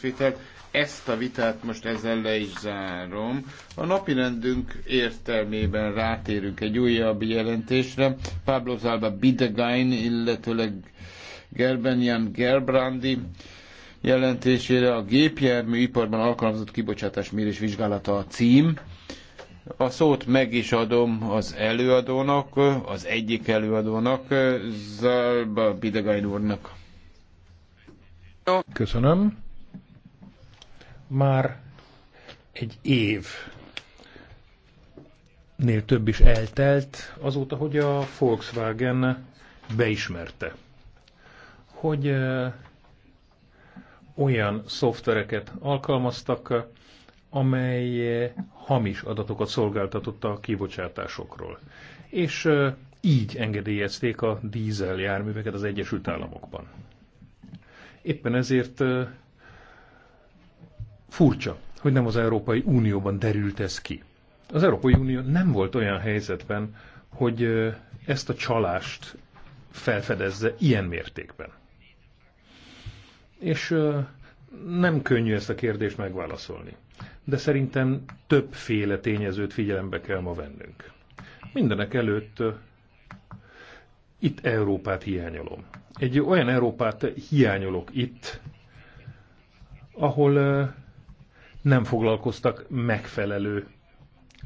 részvétel. Ezt a vitát most ezzel le is zárom. A napi rendünk értelmében rátérünk egy újabb jelentésre. Pablo Zalba Bidegain, illetőleg Gerbenian Gerbrandi jelentésére a gépjárműiparban alkalmazott kibocsátás mérés vizsgálata a cím. A szót meg is adom az előadónak, az egyik előadónak, Zalba Bidegain úrnak. Köszönöm már egy év nél több is eltelt azóta, hogy a Volkswagen beismerte, hogy olyan szoftvereket alkalmaztak, amely hamis adatokat szolgáltatott a kibocsátásokról. És így engedélyezték a dízel járműveket az Egyesült Államokban. Éppen ezért Furcsa, hogy nem az Európai Unióban derült ez ki. Az Európai Unió nem volt olyan helyzetben, hogy ezt a csalást felfedezze ilyen mértékben. És nem könnyű ezt a kérdést megválaszolni. De szerintem többféle tényezőt figyelembe kell ma vennünk. Mindenek előtt itt Európát hiányolom. Egy olyan Európát hiányolok itt, ahol nem foglalkoztak megfelelő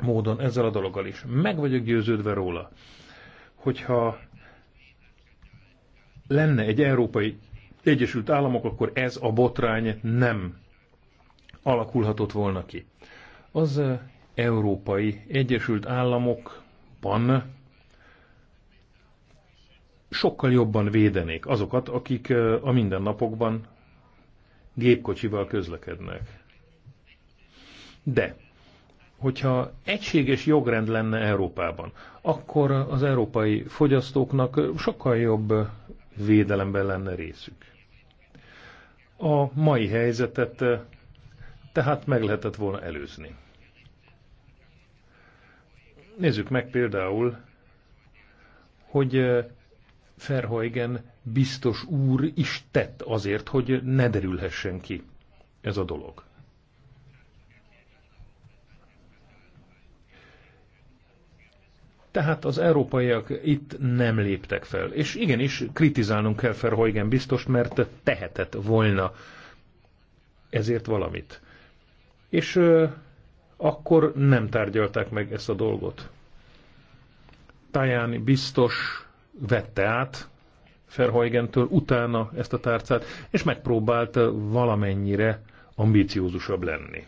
módon ezzel a dologgal is. Meg vagyok győződve róla, hogyha lenne egy Európai Egyesült Államok, akkor ez a botrány nem alakulhatott volna ki. Az Európai Egyesült Államokban sokkal jobban védenék azokat, akik a mindennapokban gépkocsival közlekednek. De hogyha egységes jogrend lenne Európában, akkor az európai fogyasztóknak sokkal jobb védelemben lenne részük. A mai helyzetet tehát meg lehetett volna előzni. Nézzük meg például, hogy Ferhajgen biztos úr is tett azért, hogy ne derülhessen ki ez a dolog. Tehát az európaiak itt nem léptek fel. És igenis, kritizálnunk kell Ferhojgen biztos, mert tehetett volna ezért valamit. És ö, akkor nem tárgyalták meg ezt a dolgot. Tajani biztos vette át Ferhajgentől utána ezt a tárcát, és megpróbált valamennyire ambíciózusabb lenni.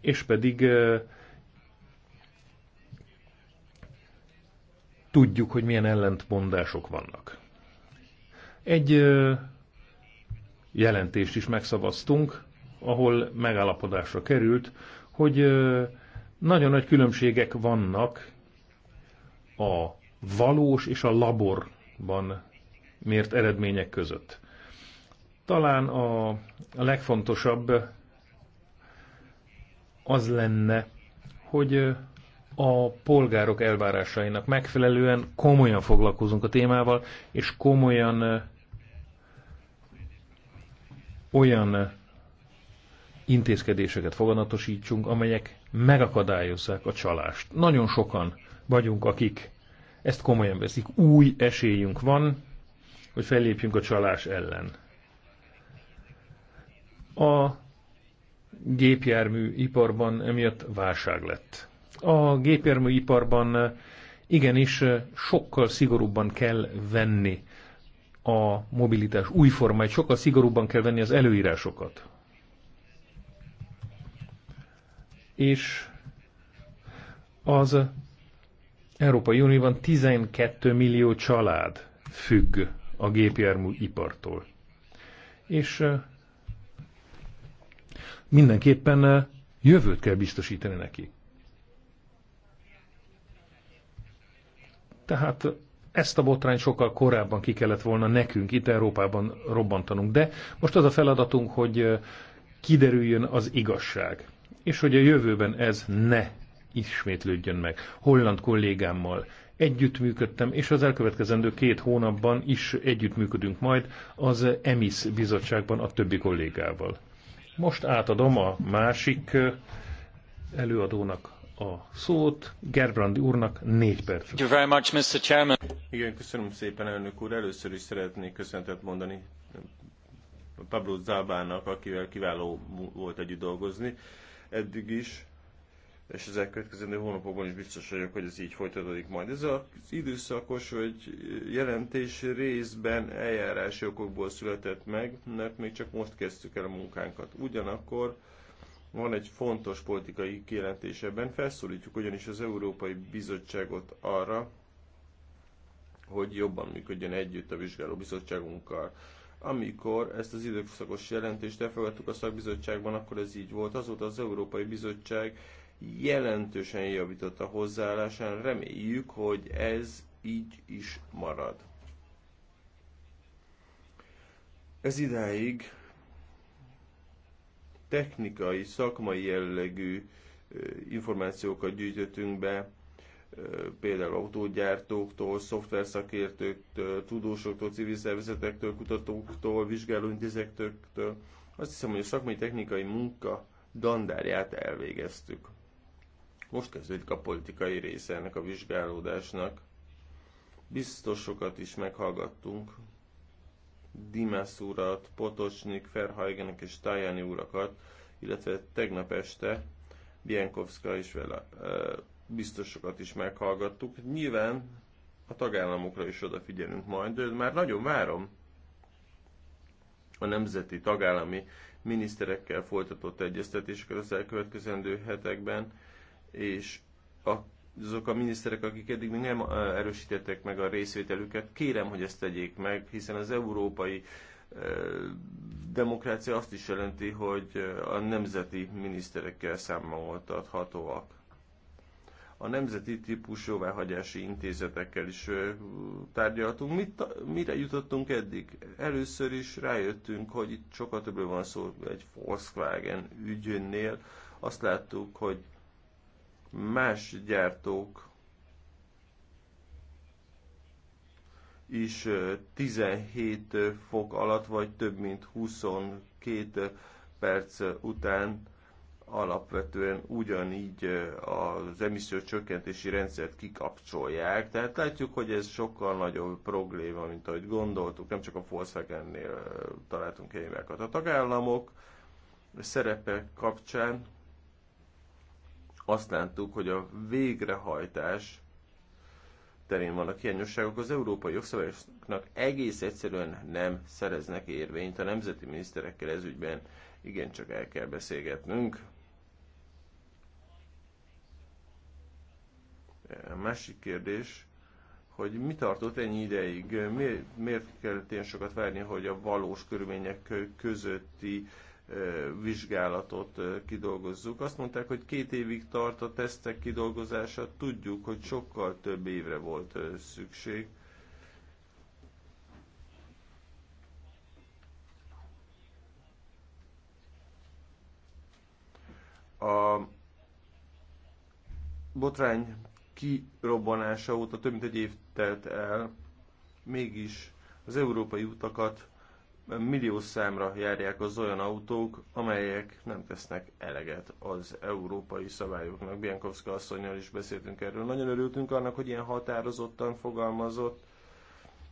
és pedig tudjuk, hogy milyen ellentmondások vannak. Egy jelentést is megszavaztunk, ahol megállapodásra került, hogy nagyon nagy különbségek vannak a valós és a laborban mért eredmények között. Talán a legfontosabb az lenne, hogy a polgárok elvárásainak megfelelően komolyan foglalkozunk a témával, és komolyan olyan intézkedéseket foganatosítsunk, amelyek megakadályozzák a csalást. Nagyon sokan vagyunk, akik ezt komolyan veszik. Új esélyünk van, hogy fellépjünk a csalás ellen. A iparban emiatt válság lett. A iparban eh, igenis eh, sokkal szigorúbban kell venni a mobilitás új formáit, sokkal szigorúbban kell venni az előírásokat. És az Európai Unióban 12 millió család függ a gépjármű ipartól. És eh, mindenképpen eh, jövőt kell biztosítani neki. Tehát eh, ezt a botrányt sokkal korábban ki kellett volna nekünk itt Európában robbantanunk, de most az a feladatunk, hogy eh, kiderüljön az igazság, és hogy a jövőben ez ne ismétlődjön meg. Holland kollégámmal együttműködtem, és az elkövetkezendő két hónapban is együttműködünk majd az EMIS bizottságban a többi kollégával. Most átadom a másik előadónak a szót, Gerbrandi úrnak négy perc. Thank you very much, Mr. Chairman. Igen, köszönöm szépen, elnök úr. Először is szeretnék köszöntet mondani Pablo Zabának, akivel kiváló volt együtt dolgozni. Eddig is és az elkövetkező hónapokban is biztos vagyok, hogy ez így folytatódik majd. Ez az időszakos vagy jelentés részben eljárási okokból született meg, mert még csak most kezdtük el a munkánkat. Ugyanakkor van egy fontos politikai kijelentés ebben, felszólítjuk ugyanis az Európai Bizottságot arra, hogy jobban működjön együtt a bizottságunkkal, Amikor ezt az időszakos jelentést elfogadtuk a szakbizottságban, akkor ez így volt. Azóta az Európai Bizottság jelentősen javított a hozzáállásán, reméljük, hogy ez így is marad. Ez idáig technikai, szakmai jellegű információkat gyűjtöttünk be, például autógyártóktól, szoftverszakértőktől, tudósoktól, civil szervezetektől, kutatóktól, vizsgálóintézektől. Azt hiszem, hogy a szakmai technikai munka dandárját elvégeztük. Most kezdődik a politikai része ennek a vizsgálódásnak. Biztosokat is meghallgattunk, Dimas urat, Potocsnik, Ferhajgenek és Tajani urakat, illetve tegnap este Bienkowska is vele biztosokat is meghallgattuk. Nyilván a tagállamokra is odafigyelünk majd, de már nagyon várom a nemzeti tagállami miniszterekkel folytatott egyeztetéseket az elkövetkezendő hetekben és a, azok a miniszterek, akik eddig még nem erősítettek meg a részvételüket, kérem, hogy ezt tegyék meg, hiszen az európai demokrácia azt is jelenti, hogy a nemzeti miniszterekkel számoltathatóak. A nemzeti típus jóváhagyási intézetekkel is tárgyaltunk. Mit, mire jutottunk eddig? Először is rájöttünk, hogy itt sokkal többről van szó egy Volkswagen ügyönnél. Azt láttuk, hogy más gyártók is 17 fok alatt, vagy több mint 22 perc után alapvetően ugyanígy az emissziós csökkentési rendszert kikapcsolják. Tehát látjuk, hogy ez sokkal nagyobb probléma, mint ahogy gondoltuk. Nem csak a Volkswagen-nél találtunk hibákat. A tagállamok szerepe kapcsán azt láttuk, hogy a végrehajtás terén vannak hiányosságok, az európai jogszabályoknak egész egyszerűen nem szereznek érvényt. A nemzeti miniszterekkel ezügyben csak el kell beszélgetnünk. A másik kérdés, hogy mi tartott ennyi ideig, miért, miért kellett ilyen sokat várni, hogy a valós körülmények közötti vizsgálatot kidolgozzuk. Azt mondták, hogy két évig tart a tesztek kidolgozása, tudjuk, hogy sokkal több évre volt szükség. A botrány kirobbanása óta több mint egy év telt el, mégis az európai utakat millió számra járják az olyan autók, amelyek nem tesznek eleget az európai szabályoknak. Biankovska asszonynal is beszéltünk erről. Nagyon örültünk annak, hogy ilyen határozottan fogalmazott.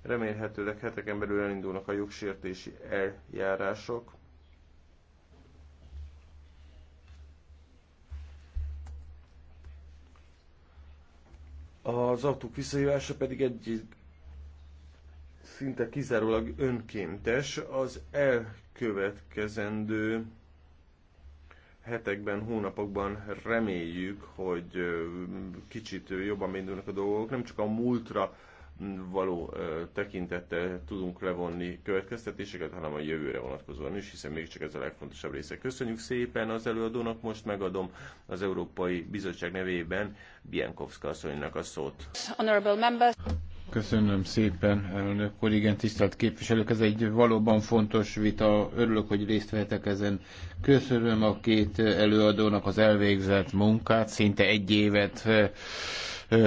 Remélhetőleg heteken belül elindulnak a jogsértési eljárások. Az autók visszahívása pedig egy szinte kizárólag önkéntes, az elkövetkezendő hetekben, hónapokban reméljük, hogy kicsit jobban indulnak a dolgok, nem csak a múltra való tekintettel tudunk levonni következtetéseket, hanem a jövőre vonatkozóan is, hiszen mégiscsak ez a legfontosabb része. Köszönjük szépen az előadónak, most megadom az Európai Bizottság nevében Bienkowska asszonynak a szót. Köszönöm szépen, elnök úr. Igen, tisztelt képviselők, ez egy valóban fontos vita. Örülök, hogy részt vehetek ezen. Köszönöm a két előadónak az elvégzett munkát, szinte egy évet eh,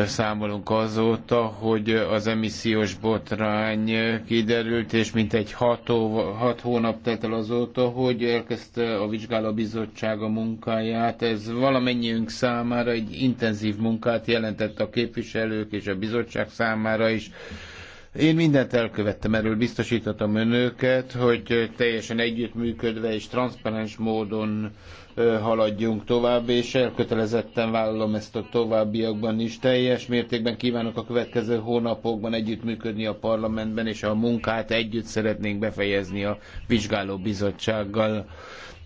számolunk azóta, hogy az emissziós botrány kiderült, és mintegy hat, ó, hat hónap telt el azóta, hogy elkezdte a vizsgálóbizottság a munkáját. Ez valamennyiünk számára egy intenzív munkát jelentett a képviselők és a bizottság számára is én mindent elkövettem, erről biztosítatom önöket, hogy teljesen együttműködve és transzparens módon haladjunk tovább, és elkötelezetten vállalom ezt a továbbiakban is. Teljes mértékben kívánok a következő hónapokban együttműködni a parlamentben, és a munkát együtt szeretnénk befejezni a vizsgáló bizottsággal.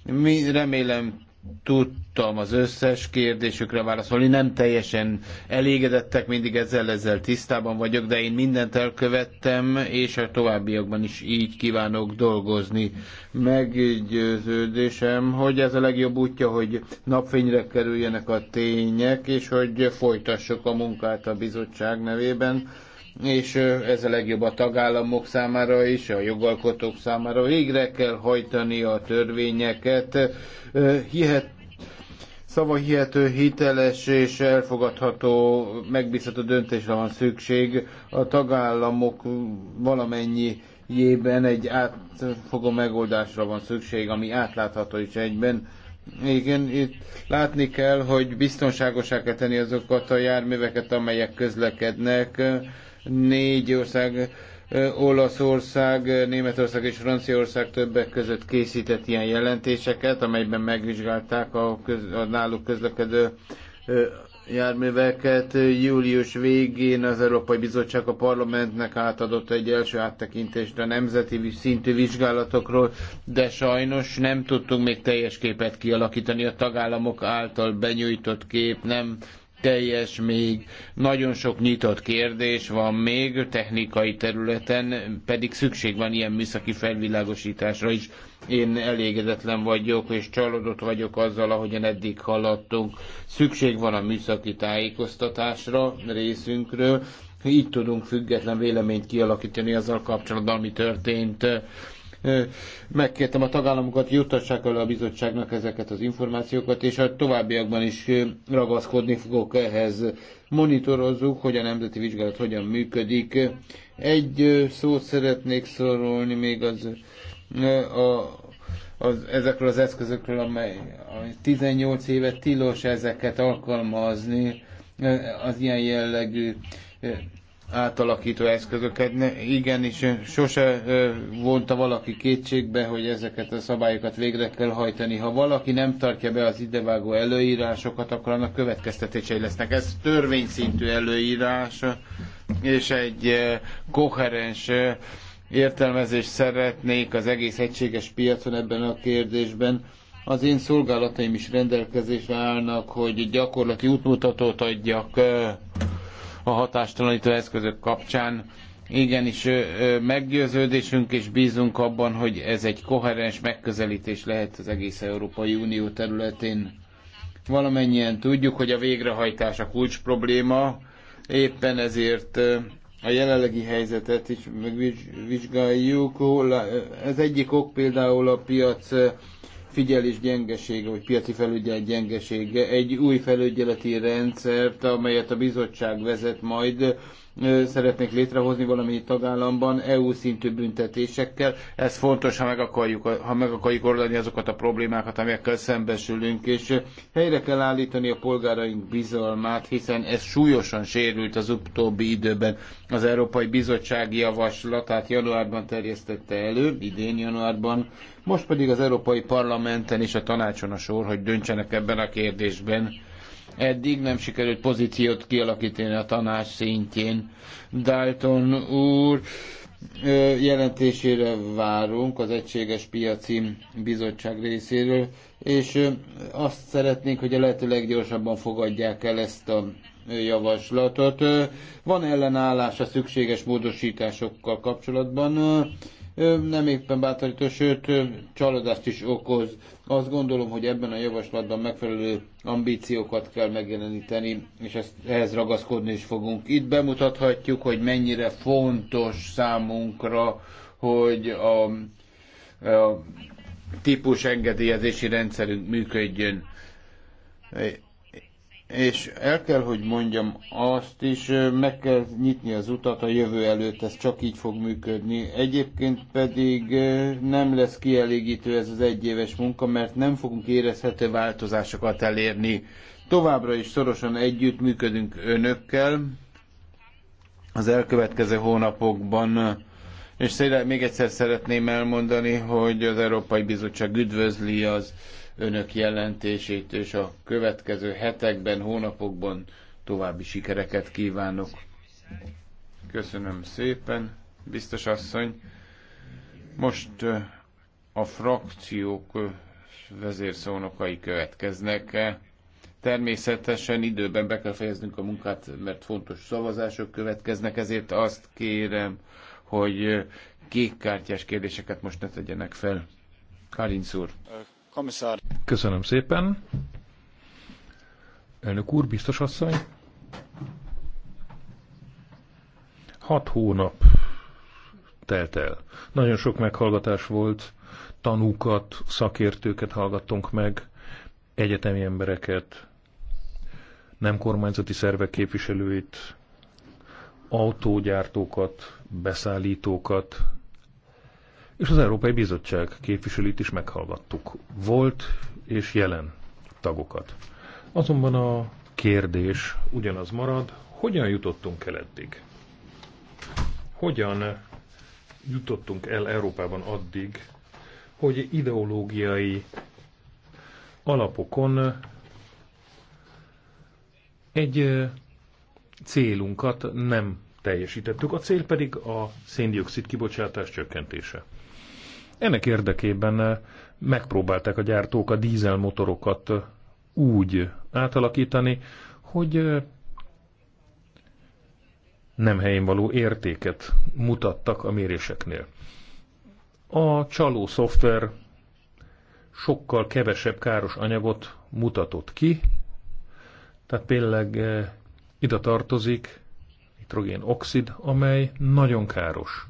Mi remélem tudtam az összes kérdésükre válaszolni. Nem teljesen elégedettek, mindig ezzel ezzel tisztában vagyok, de én mindent elkövettem, és a továbbiakban is így kívánok dolgozni. Meggyőződésem, hogy ez a legjobb útja, hogy napfényre kerüljenek a tények, és hogy folytassuk a munkát a bizottság nevében és ez a legjobb a tagállamok számára is, a jogalkotók számára. Végre kell hajtani a törvényeket, hihet hihető, hiteles és elfogadható, megbízható döntésre van szükség. A tagállamok valamennyi jében egy átfogó megoldásra van szükség, ami átlátható is egyben. Igen, itt látni kell, hogy biztonságosá kell tenni azokat a járműveket, amelyek közlekednek. Négy ország, Olaszország, Németország és Franciaország többek között készített ilyen jelentéseket, amelyben megvizsgálták a, köz, a náluk közlekedő járműveket. Július végén az Európai Bizottság a parlamentnek átadott egy első áttekintést a nemzeti szintű vizsgálatokról, de sajnos nem tudtunk még teljes képet kialakítani. A tagállamok által benyújtott kép nem teljes még, nagyon sok nyitott kérdés van még technikai területen, pedig szükség van ilyen műszaki felvilágosításra is. Én elégedetlen vagyok, és csalódott vagyok azzal, ahogyan eddig haladtunk. Szükség van a műszaki tájékoztatásra részünkről, így tudunk független véleményt kialakítani azzal kapcsolatban, ami történt Megkértem a tagállamokat, juttassák elő a bizottságnak ezeket az információkat, és a továbbiakban is ragaszkodni fogok ehhez. Monitorozzuk, hogy a nemzeti vizsgálat hogyan működik. Egy szót szeretnék szorolni még az a, az, ezekről az eszközökről, amely, amely 18 éve tilos ezeket alkalmazni, az ilyen jellegű átalakító eszközöket. és sose vonta valaki kétségbe, hogy ezeket a szabályokat végre kell hajtani. Ha valaki nem tartja be az idevágó előírásokat, akkor annak következtetései lesznek. Ez törvényszintű előírás, és egy koherens értelmezést szeretnék az egész egységes piacon ebben a kérdésben. Az én szolgálataim is rendelkezésre állnak, hogy gyakorlati útmutatót adjak a hatástalanító eszközök kapcsán. Igenis meggyőződésünk és bízunk abban, hogy ez egy koherens megközelítés lehet az egész Európai Unió területén. Valamennyien tudjuk, hogy a végrehajtás a kulcs probléma, éppen ezért a jelenlegi helyzetet is megvizsgáljuk. Ez egyik ok például a piac figyelés gyengesége, vagy piaci felügyelet gyengesége, egy új felügyeleti rendszert, amelyet a bizottság vezet majd, szeretnék létrehozni valami tagállamban EU szintű büntetésekkel. Ez fontos, ha meg akarjuk, ha meg akarjuk oldani azokat a problémákat, amelyekkel szembesülünk, és helyre kell állítani a polgáraink bizalmát, hiszen ez súlyosan sérült az utóbbi időben. Az Európai Bizottság javaslatát januárban terjesztette elő, idén januárban, most pedig az Európai Parlamenten és a tanácson a sor, hogy döntsenek ebben a kérdésben Eddig nem sikerült pozíciót kialakítani a tanács szintjén. Dalton úr jelentésére várunk az Egységes Piaci Bizottság részéről, és azt szeretnénk, hogy a lehető leggyorsabban fogadják el ezt a javaslatot. Van ellenállás a szükséges módosításokkal kapcsolatban nem éppen bátorító, sőt csalódást is okoz. Azt gondolom, hogy ebben a javaslatban megfelelő ambíciókat kell megjeleníteni, és ezt, ehhez ragaszkodni is fogunk. Itt bemutathatjuk, hogy mennyire fontos számunkra, hogy a, a típus engedélyezési rendszerünk működjön és el kell, hogy mondjam azt is, meg kell nyitni az utat a jövő előtt, ez csak így fog működni. Egyébként pedig nem lesz kielégítő ez az egyéves munka, mert nem fogunk érezhető változásokat elérni. Továbbra is szorosan együtt működünk önökkel az elkövetkező hónapokban. És még egyszer szeretném elmondani, hogy az Európai Bizottság üdvözli az önök jelentését, és a következő hetekben, hónapokban további sikereket kívánok. Köszönöm szépen, biztos asszony. Most a frakciók vezérszónokai következnek. Természetesen időben be kell fejeznünk a munkát, mert fontos szavazások következnek, ezért azt kérem, hogy kártyás kérdéseket most ne tegyenek fel. Karinc úr. Köszönöm szépen. Elnök úr, biztos asszony. Hat hónap telt el. Nagyon sok meghallgatás volt, tanúkat, szakértőket hallgattunk meg, egyetemi embereket, nem kormányzati szervek képviselőit, autógyártókat, beszállítókat, és az Európai Bizottság képviselőit is meghallgattuk. Volt és jelen tagokat. Azonban a kérdés ugyanaz marad, hogyan jutottunk el eddig? Hogyan jutottunk el Európában addig, hogy ideológiai alapokon egy célunkat nem teljesítettük, a cél pedig a széndiokszid kibocsátás csökkentése. Ennek érdekében eh, megpróbálták a gyártók a dízelmotorokat eh, úgy átalakítani, hogy eh, nem helyén való értéket mutattak a méréseknél. A csaló szoftver sokkal kevesebb káros anyagot mutatott ki, tehát tényleg ide tartozik nitrogén oxid, amely nagyon káros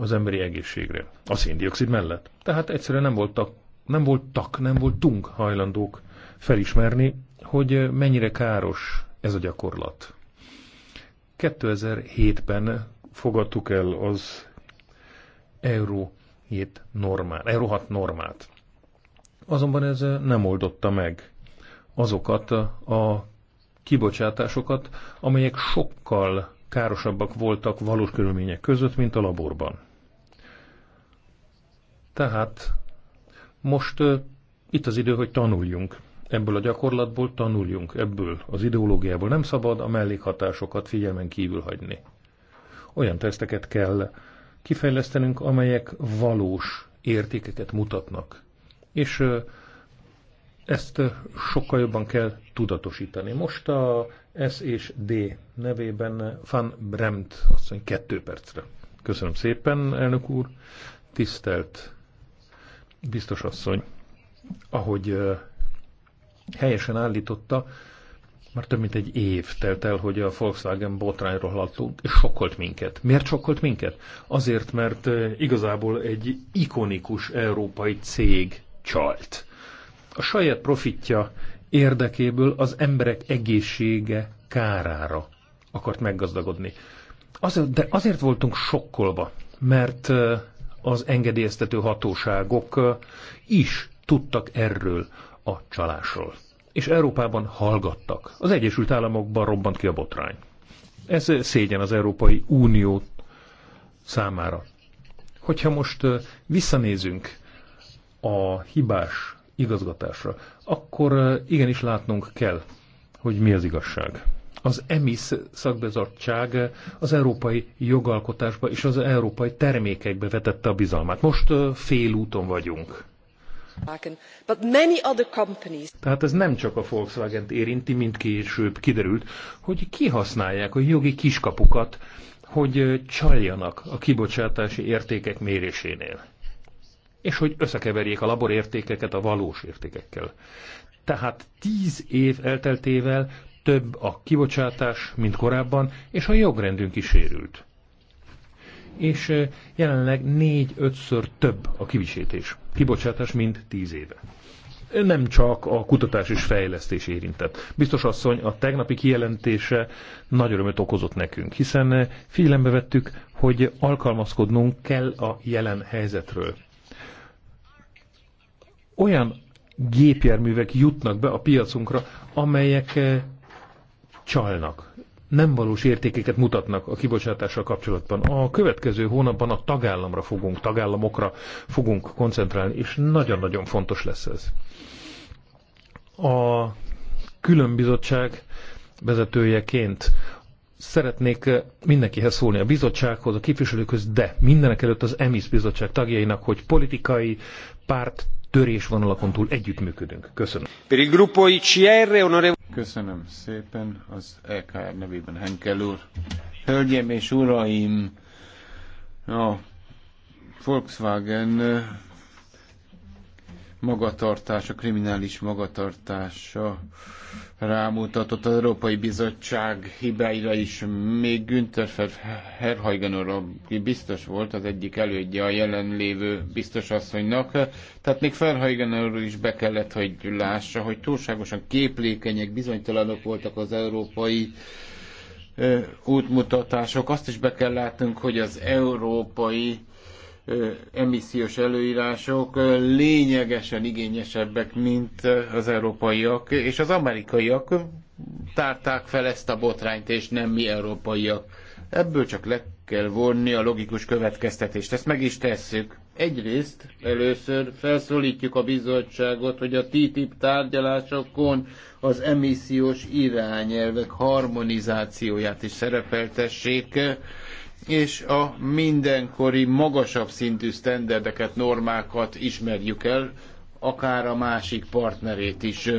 az emberi egészségre, a széndiokszid mellett. Tehát egyszerűen nem voltak, nem voltak, nem voltunk hajlandók felismerni, hogy mennyire káros ez a gyakorlat. 2007-ben fogadtuk el az Euró 7 normát, Euró 6 normát. Azonban ez nem oldotta meg azokat a kibocsátásokat, amelyek sokkal károsabbak voltak valós körülmények között, mint a laborban. Tehát most uh, itt az idő, hogy tanuljunk. Ebből a gyakorlatból tanuljunk, ebből az ideológiából. Nem szabad a mellékhatásokat figyelmen kívül hagyni. Olyan teszteket kell kifejlesztenünk, amelyek valós értékeket mutatnak. És uh, ezt sokkal jobban kell tudatosítani. Most a S és D nevében Van Bremt, azt mondja, kettő percre. Köszönöm szépen, elnök úr. Tisztelt Biztos asszony, ahogy helyesen állította, már több mint egy év telt el, hogy a Volkswagen botrányról hallottunk, és sokkolt minket. Miért sokkolt minket? Azért, mert igazából egy ikonikus európai cég csalt. A saját profitja érdekéből az emberek egészsége kárára akart meggazdagodni. Azért, de azért voltunk sokkolva, mert az engedélyeztető hatóságok is tudtak erről a csalásról. És Európában hallgattak. Az Egyesült Államokban robbant ki a botrány. Ez szégyen az Európai Unió számára. Hogyha most visszanézünk a hibás igazgatásra, akkor igenis látnunk kell, hogy mi az igazság az EMIS szakbizottság az európai jogalkotásba és az európai termékekbe vetette a bizalmát. Most félúton vagyunk. Tehát ez nem csak a volkswagen érinti, mint később kiderült, hogy kihasználják a jogi kiskapukat, hogy csaljanak a kibocsátási értékek mérésénél. És hogy összekeverjék a laborértékeket a valós értékekkel. Tehát tíz év elteltével több a kibocsátás, mint korábban, és a jogrendünk is sérült. És jelenleg négy-ötször több a kivisítés, kibocsátás, mint tíz éve. Nem csak a kutatás és fejlesztés érintett. Biztos asszony, a tegnapi kijelentése nagy örömöt okozott nekünk, hiszen figyelembe vettük, hogy alkalmazkodnunk kell a jelen helyzetről. Olyan gépjárművek jutnak be a piacunkra, amelyek csalnak, nem valós értékeket mutatnak a kibocsátással kapcsolatban. A következő hónapban a tagállamra fogunk, tagállamokra fogunk koncentrálni, és nagyon-nagyon fontos lesz ez. A különbizottság vezetőjeként szeretnék mindenkihez szólni, a bizottsághoz, a képviselőkhöz, de mindenek előtt az EMISZ bizottság tagjainak, hogy politikai párt törésvonalakon túl együttműködünk. Köszönöm. Per il gruppo ICR, onorev. Köszönöm szépen az EKR nevében Henkel úr. Hölgyeim és uraim, a Volkswagen magatartása, kriminális magatartása rámutatott az Európai Bizottság hibáira is. Még Günther Herhajgen aki biztos volt az egyik elődje a jelenlévő biztosasszonynak. tehát még Verhajgen is be kellett, hogy lássa, hogy túlságosan képlékenyek, bizonytalanok voltak az európai útmutatások. Azt is be kell látnunk, hogy az európai emissziós előírások lényegesen igényesebbek, mint az európaiak, és az amerikaiak tárták fel ezt a botrányt, és nem mi európaiak. Ebből csak le kell vonni a logikus következtetést. Ezt meg is tesszük. Egyrészt először felszólítjuk a bizottságot, hogy a TTIP tárgyalásokon az emissziós irányelvek harmonizációját is szerepeltessék, és a mindenkori magasabb szintű sztenderdeket, normákat ismerjük el, akár a másik partnerét is.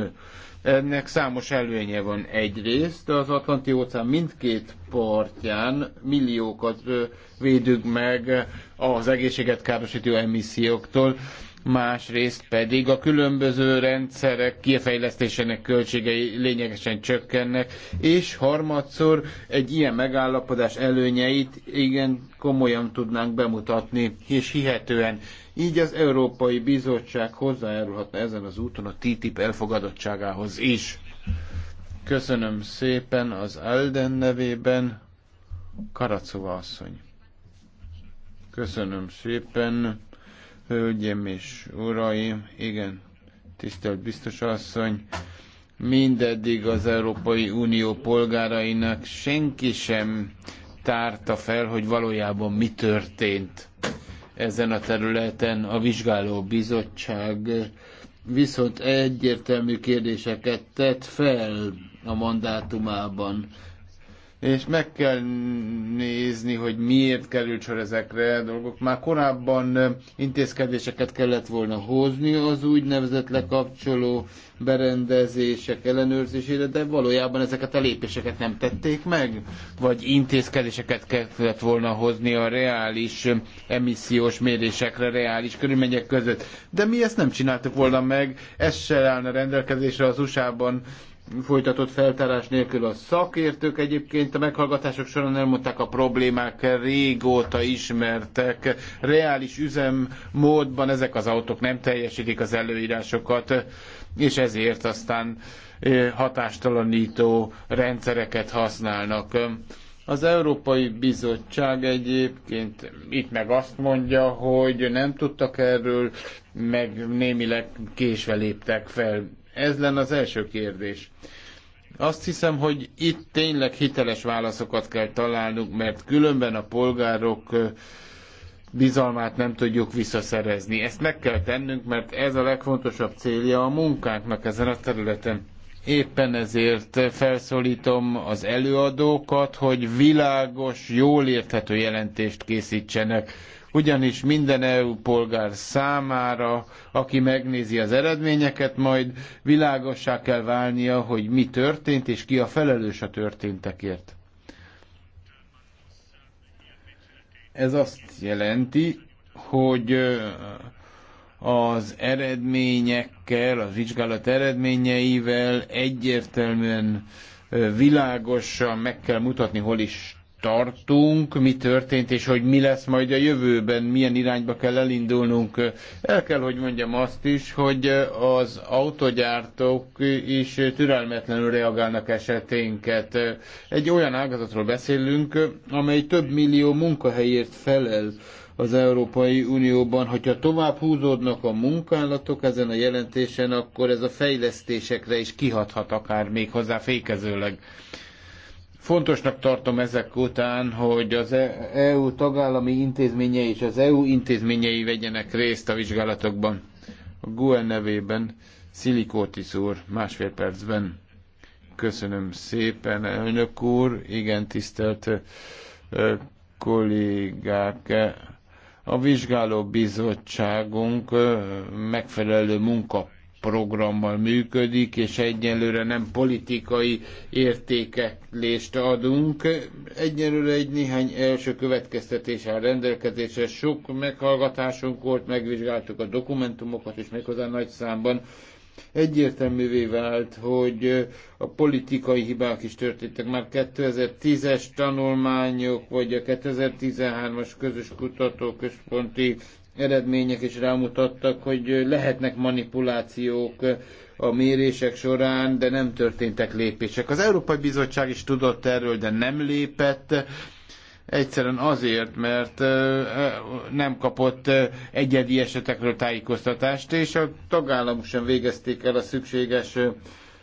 Ennek számos előnye van egyrészt, de az Atlanti óceán mindkét partján milliókat védünk meg az egészséget károsító emisszióktól, másrészt pedig a különböző rendszerek kifejlesztésének költségei lényegesen csökkennek, és harmadszor egy ilyen megállapodás előnyeit igen komolyan tudnánk bemutatni, és hihetően. Így az Európai Bizottság hozzájárulhatna ezen az úton a TTIP elfogadottságához is. Köszönöm szépen az Alden nevében, Karacova asszony. Köszönöm szépen. Hölgyem és uraim, igen, tisztelt biztos asszony, mindeddig az Európai Unió polgárainak senki sem tárta fel, hogy valójában mi történt ezen a területen a vizsgáló bizottság viszont egyértelmű kérdéseket tett fel a mandátumában és meg kell nézni, hogy miért került sor ezekre a dolgok. Már korábban intézkedéseket kellett volna hozni az úgynevezett lekapcsoló berendezések ellenőrzésére, de valójában ezeket a lépéseket nem tették meg, vagy intézkedéseket kellett volna hozni a reális emissziós mérésekre, reális körülmények között. De mi ezt nem csináltuk volna meg, ez se állna rendelkezésre az USA-ban, folytatott feltárás nélkül a szakértők egyébként a meghallgatások során elmondták a problémák régóta ismertek. Reális üzemmódban ezek az autók nem teljesítik az előírásokat, és ezért aztán eh, hatástalanító rendszereket használnak. Az Európai Bizottság egyébként itt meg azt mondja, hogy nem tudtak erről, meg némileg késve léptek fel. Ez lenne az első kérdés. Azt hiszem, hogy itt tényleg hiteles válaszokat kell találnunk, mert különben a polgárok bizalmát nem tudjuk visszaszerezni. Ezt meg kell tennünk, mert ez a legfontosabb célja a munkánknak ezen a területen. Éppen ezért felszólítom az előadókat, hogy világos, jól érthető jelentést készítsenek ugyanis minden EU polgár számára, aki megnézi az eredményeket, majd világossá kell válnia, hogy mi történt, és ki a felelős a történtekért. Ez azt jelenti, hogy az eredményekkel, a vizsgálat eredményeivel egyértelműen világosan meg kell mutatni, hol is tartunk, mi történt, és hogy mi lesz majd a jövőben, milyen irányba kell elindulnunk. El kell, hogy mondjam azt is, hogy az autogyártók is türelmetlenül reagálnak eseténket. Egy olyan ágazatról beszélünk, amely több millió munkahelyért felel az Európai Unióban. Hogyha tovább húzódnak a munkálatok ezen a jelentésen, akkor ez a fejlesztésekre is kihathat akár még hozzá fékezőleg. Fontosnak tartom ezek után, hogy az EU e tagállami intézményei és az EU intézményei vegyenek részt a vizsgálatokban. A GUE nevében Szilikótis úr másfél percben. Köszönöm szépen, elnök úr. Igen, tisztelt kollégák. A vizsgáló bizottságunk megfelelő munka programmal működik, és egyelőre nem politikai értékelést adunk. Egyelőre egy néhány első következtetés áll rendelkezésre. Sok meghallgatásunk volt, megvizsgáltuk a dokumentumokat, és méghozzá nagy számban egyértelművé vált, hogy a politikai hibák is történtek. Már 2010-es tanulmányok, vagy a 2013-as közös kutatóközponti eredmények is rámutattak, hogy lehetnek manipulációk a mérések során, de nem történtek lépések. Az Európai Bizottság is tudott erről, de nem lépett. Egyszerűen azért, mert nem kapott egyedi esetekről tájékoztatást, és a tagállamok sem végezték el a szükséges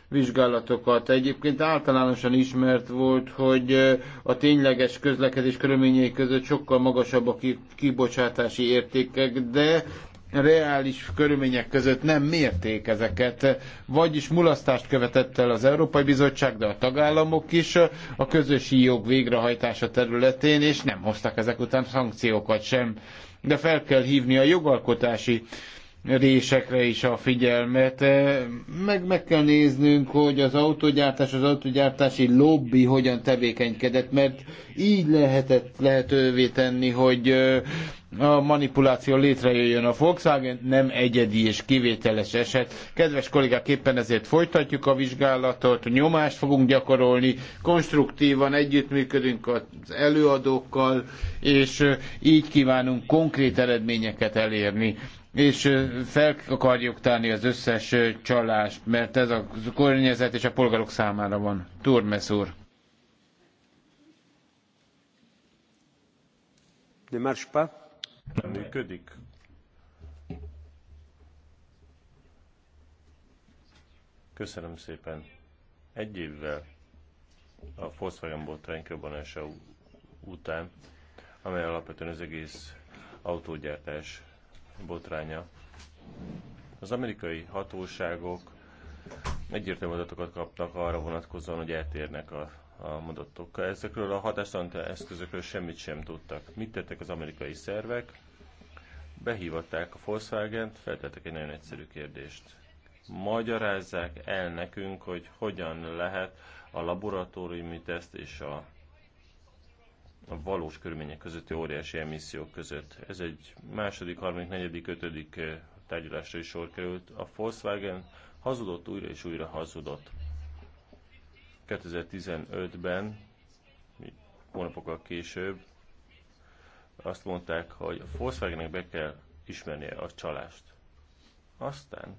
vizsgálatokat. Egyébként általánosan ismert volt, hogy a tényleges közlekedés körülményei között sokkal magasabb a kibocsátási értékek, de reális körülmények között nem mérték ezeket, vagyis mulasztást követett el az Európai Bizottság, de a tagállamok is a közösi jog végrehajtása területén, és nem hoztak ezek után szankciókat sem. De fel kell hívni a jogalkotási uh, résekre is a figyelmet. Meg, meg kell néznünk, hogy az autogyártás, az autogyártási lobby hogyan tevékenykedett, mert így lehetett lehetővé tenni, hogy a manipuláció létrejöjjön a Volkswagen, nem egyedi és kivételes eset. Kedves kollégák, éppen ezért folytatjuk a vizsgálatot, nyomást fogunk gyakorolni, konstruktívan együttműködünk az előadókkal, és így kívánunk konkrét eredményeket elérni és fel akarjuk tárni az összes csalást, mert ez a környezet és a polgárok számára van. Turmes úr. Ne Nem működik. Köszönöm szépen. Egy évvel a Volkswagen botrány után, amely alapvetően az egész autógyártás botránya. Az amerikai hatóságok egyértelmű adatokat kaptak arra vonatkozóan, hogy eltérnek a, a mondottokkal. Ezekről a hatástalan eszközökről semmit sem tudtak. Mit tettek az amerikai szervek? Behívatták a Volkswagen-t, feltettek egy nagyon egyszerű kérdést. Magyarázzák el nekünk, hogy hogyan lehet a laboratóriumi teszt és a a valós körülmények közötti óriási emissziók között. Ez egy második, harmadik, negyedik, ötödik eh, tárgyalásra is sor került. A Volkswagen hazudott újra és újra hazudott. 2015-ben, hónapokkal később azt mondták, hogy a Volkswagennek be kell ismernie a csalást. Aztán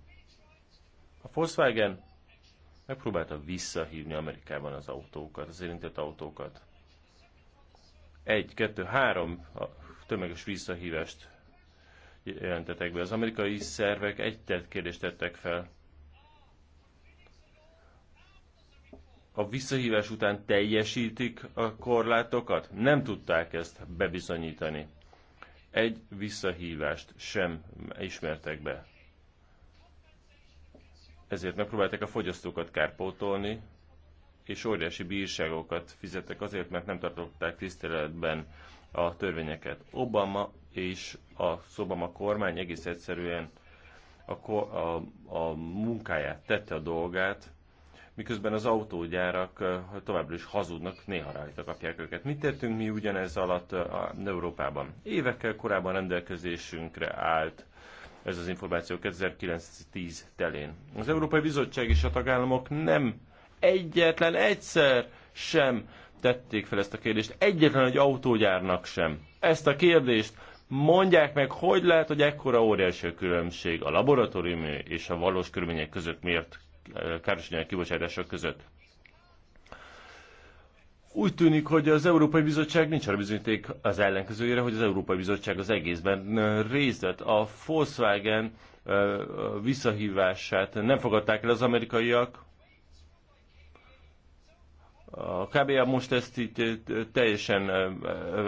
a Volkswagen megpróbálta visszahívni Amerikában az autókat, az érintett autókat egy, kettő, három tömeges visszahívást jelentetek be. Az amerikai szervek egy tett kérdést tettek fel. A visszahívás után teljesítik a korlátokat? Nem tudták ezt bebizonyítani. Egy visszahívást sem ismertek be. Ezért megpróbálták a fogyasztókat kárpótolni, és óriási bírságokat fizettek azért, mert nem tartották tiszteletben a törvényeket. Obama és a Obama kormány egész egyszerűen a, a, a munkáját, tette a dolgát, miközben az autógyárak továbbra is hazudnak, néha rájta kapják őket. Mit tettünk mi ugyanez alatt a Európában? Évekkel korábban rendelkezésünkre állt ez az információ 2009-10 telén. Az Európai Bizottság és a tagállamok nem egyetlen egyszer sem tették fel ezt a kérdést. Egyetlen egy autógyárnak sem. Ezt a kérdést mondják meg, hogy lehet, hogy ekkora óriási a különbség a laboratórium és a valós körülmények között, miért eh, károsanyag kibocsátások között. Úgy tűnik, hogy az Európai Bizottság nincs arra bizonyíték az ellenkezőjére, hogy az Európai Bizottság az egészben eh, részt vett. A Volkswagen eh, visszahívását nem fogadták el az amerikaiak, kb. most ezt itt eh, teljesen eh,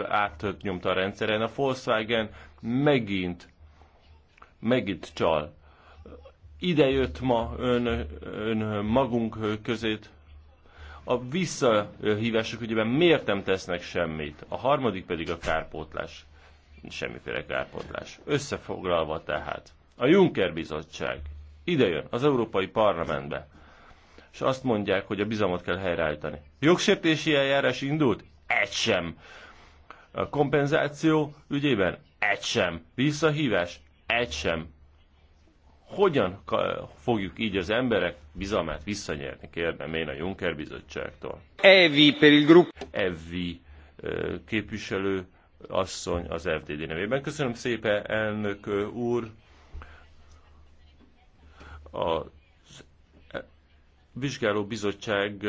átnyomta a rendszeren. A Volkswagen megint, megint csal. Ide jött ma ön, ön magunk közét. A visszahívások ügyében miért nem tesznek semmit? A harmadik pedig a kárpótlás. Semmiféle kárpótlás. Összefoglalva tehát. A Juncker bizottság idejön az Európai Parlamentbe és azt mondják, hogy a bizalmat kell helyreállítani. Jogsértési eljárás indult? Egy sem. A kompenzáció ügyében? Egy sem. Visszahívás? Egy sem. Hogyan fogjuk így az emberek bizalmát visszanyerni, kérdem én a Juncker bizottságtól. Evi per grup. Evi képviselő asszony az FDD nevében. Köszönöm szépen, elnök úr. A vizsgáló bizottság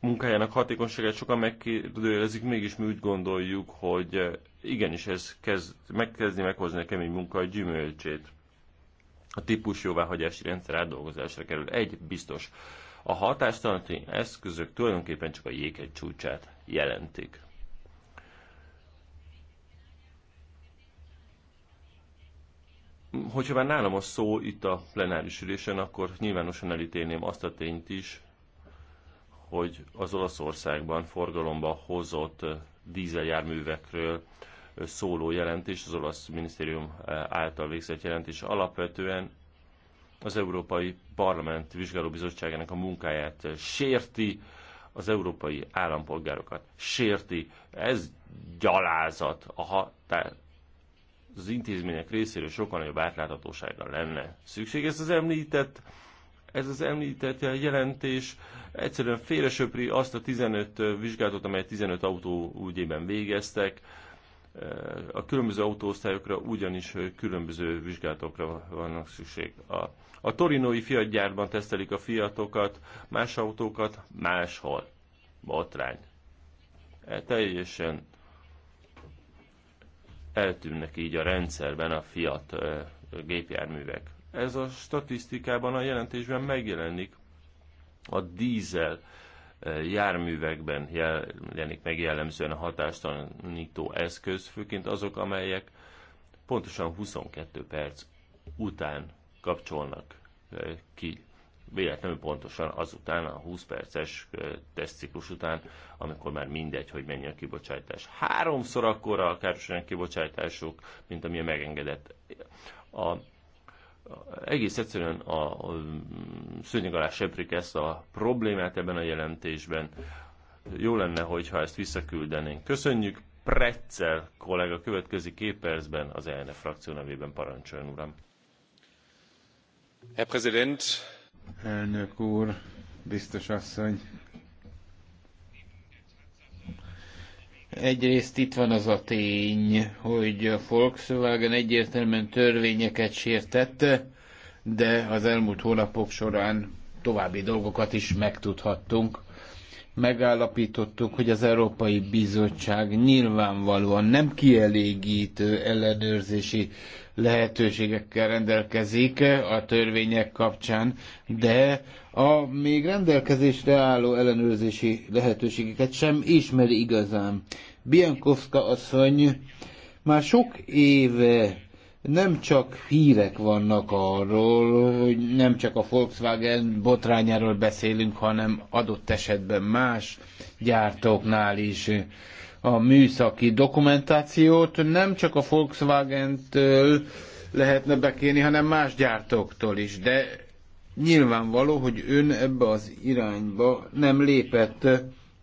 munkájának hatékonyságát sokan megkérdőjelezik, mégis mi úgy gondoljuk, hogy igenis ez kezd, megkezdni meghozni a kemény munka a gyümölcsét. A típus jóváhagyási rendszer átdolgozásra kerül. Egy biztos, a hatástalanítani eszközök tulajdonképpen csak a jéghegy csúcsát jelentik. hogyha már nálam a szó itt a plenáris ülésen, akkor nyilvánosan elítélném azt a tényt is, hogy az Olaszországban forgalomba hozott dízeljárművekről szóló jelentés, az olasz minisztérium által végzett jelentés alapvetően az Európai Parlament Vizsgálóbizottságának a munkáját sérti, az európai állampolgárokat sérti. Ez gyalázat a határ az intézmények részéről sokkal nagyobb átláthatósággal lenne szükség. Ez az említett ez az említett jelentés egyszerűen félresöpri azt a 15 vizsgálatot, amelyet 15 autó úgyében végeztek. A különböző autóosztályokra ugyanis különböző vizsgálatokra vannak szükség. A, a torinói fiatgyárban tesztelik a fiatokat, más autókat máshol. Botrány. E, teljesen eltűnnek így a rendszerben a fiat gépjárművek. Ez a statisztikában, a jelentésben megjelenik, a dízel járművekben jelenik meg jellemzően a hatástalanító eszköz, főként azok, amelyek pontosan 22 perc után kapcsolnak ki véletlenül pontosan azután, a 20 perces tesztciklus után, amikor már mindegy, hogy mennyi a kibocsátás. Háromszor akkora a károsanyag kibocsátásuk, mint ami a megengedett. A, a, egész egyszerűen a, a szőnyeg alá seprik ezt a problémát ebben a jelentésben. Jó lenne, hogyha ezt visszaküldenénk. Köszönjük! Pretzel kollega következő két percben az ELNE frakció nevében parancsoljon, uram. Herr Präsident, Elnök úr, biztos asszony. Egyrészt itt van az a tény, hogy a Volkswagen egyértelműen törvényeket sértett, de az elmúlt hónapok során további dolgokat is megtudhattunk megállapítottuk, hogy az Európai Bizottság nyilvánvalóan nem kielégítő ellenőrzési lehetőségekkel rendelkezik a törvények kapcsán, de a még rendelkezésre álló ellenőrzési lehetőségeket sem ismeri igazán. Biankowska asszony már sok éve nem csak hírek vannak arról, hogy nem csak a Volkswagen botrányáról beszélünk, hanem adott esetben más gyártóknál is a műszaki dokumentációt nem csak a Volkswagen-től lehetne bekérni, hanem más gyártóktól is, de nyilvánvaló, hogy ön ebbe az irányba nem lépett,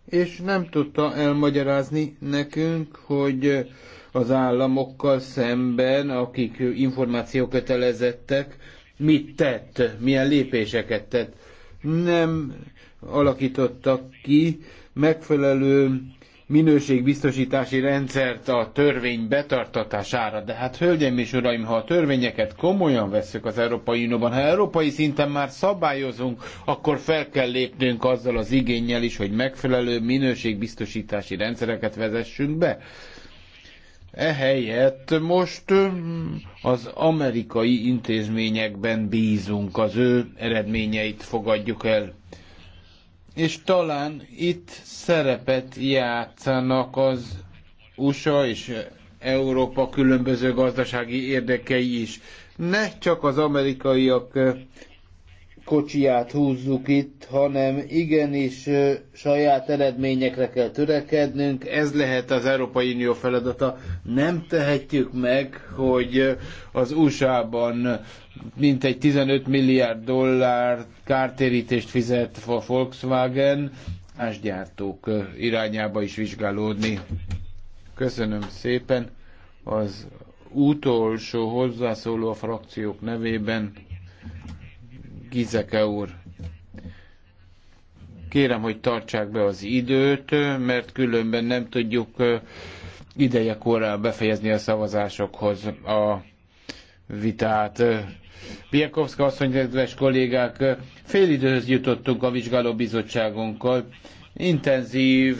és nem tudta elmagyarázni nekünk, hogy az államokkal szemben, akik információkötelezettek, mit tett, milyen lépéseket tett. Nem alakítottak ki megfelelő minőségbiztosítási rendszert a törvény betartatására. De hát, hölgyeim és uraim, ha a törvényeket komolyan veszük az Európai Unióban, ha európai szinten már szabályozunk, akkor fel kell lépnünk azzal az igényel is, hogy megfelelő minőségbiztosítási rendszereket vezessünk be. Ehelyett most az amerikai intézményekben bízunk, az ő eredményeit fogadjuk el. És talán itt szerepet játszanak az USA és Európa különböző gazdasági érdekei is. Ne csak az amerikaiak kocsiját húzzuk itt, hanem igenis saját eredményekre kell törekednünk, ez lehet az Európai Unió feladata. Nem tehetjük meg, hogy az USA-ban mintegy 15 milliárd dollár kártérítést fizet a Volkswagen, más gyártók irányába is vizsgálódni. Köszönöm szépen. Az utolsó hozzászóló a frakciók nevében Gizeke úr. Kérem, hogy tartsák be az időt, mert különben nem tudjuk ideje befejezni a szavazásokhoz a vitát. azt mondja, kedves kollégák, időhöz jutottunk a vizsgálóbizottságunkkal. Intenzív,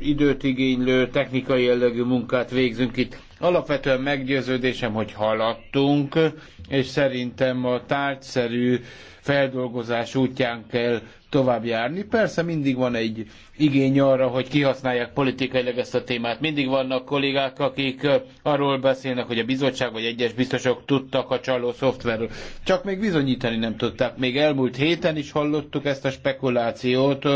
időt igénylő, technikai jellegű munkát végzünk itt. Alapvetően meggyőződésem, hogy haladtunk, és szerintem a tárgyszerű feldolgozás útján kell tovább járni. Persze mindig van egy igény arra, hogy kihasználják politikailag ezt a témát. Mindig vannak kollégák, akik arról beszélnek, hogy a bizottság vagy egyes biztosok tudtak a csaló szoftverről. Csak még bizonyítani nem tudták. Még elmúlt héten is hallottuk ezt a spekulációt,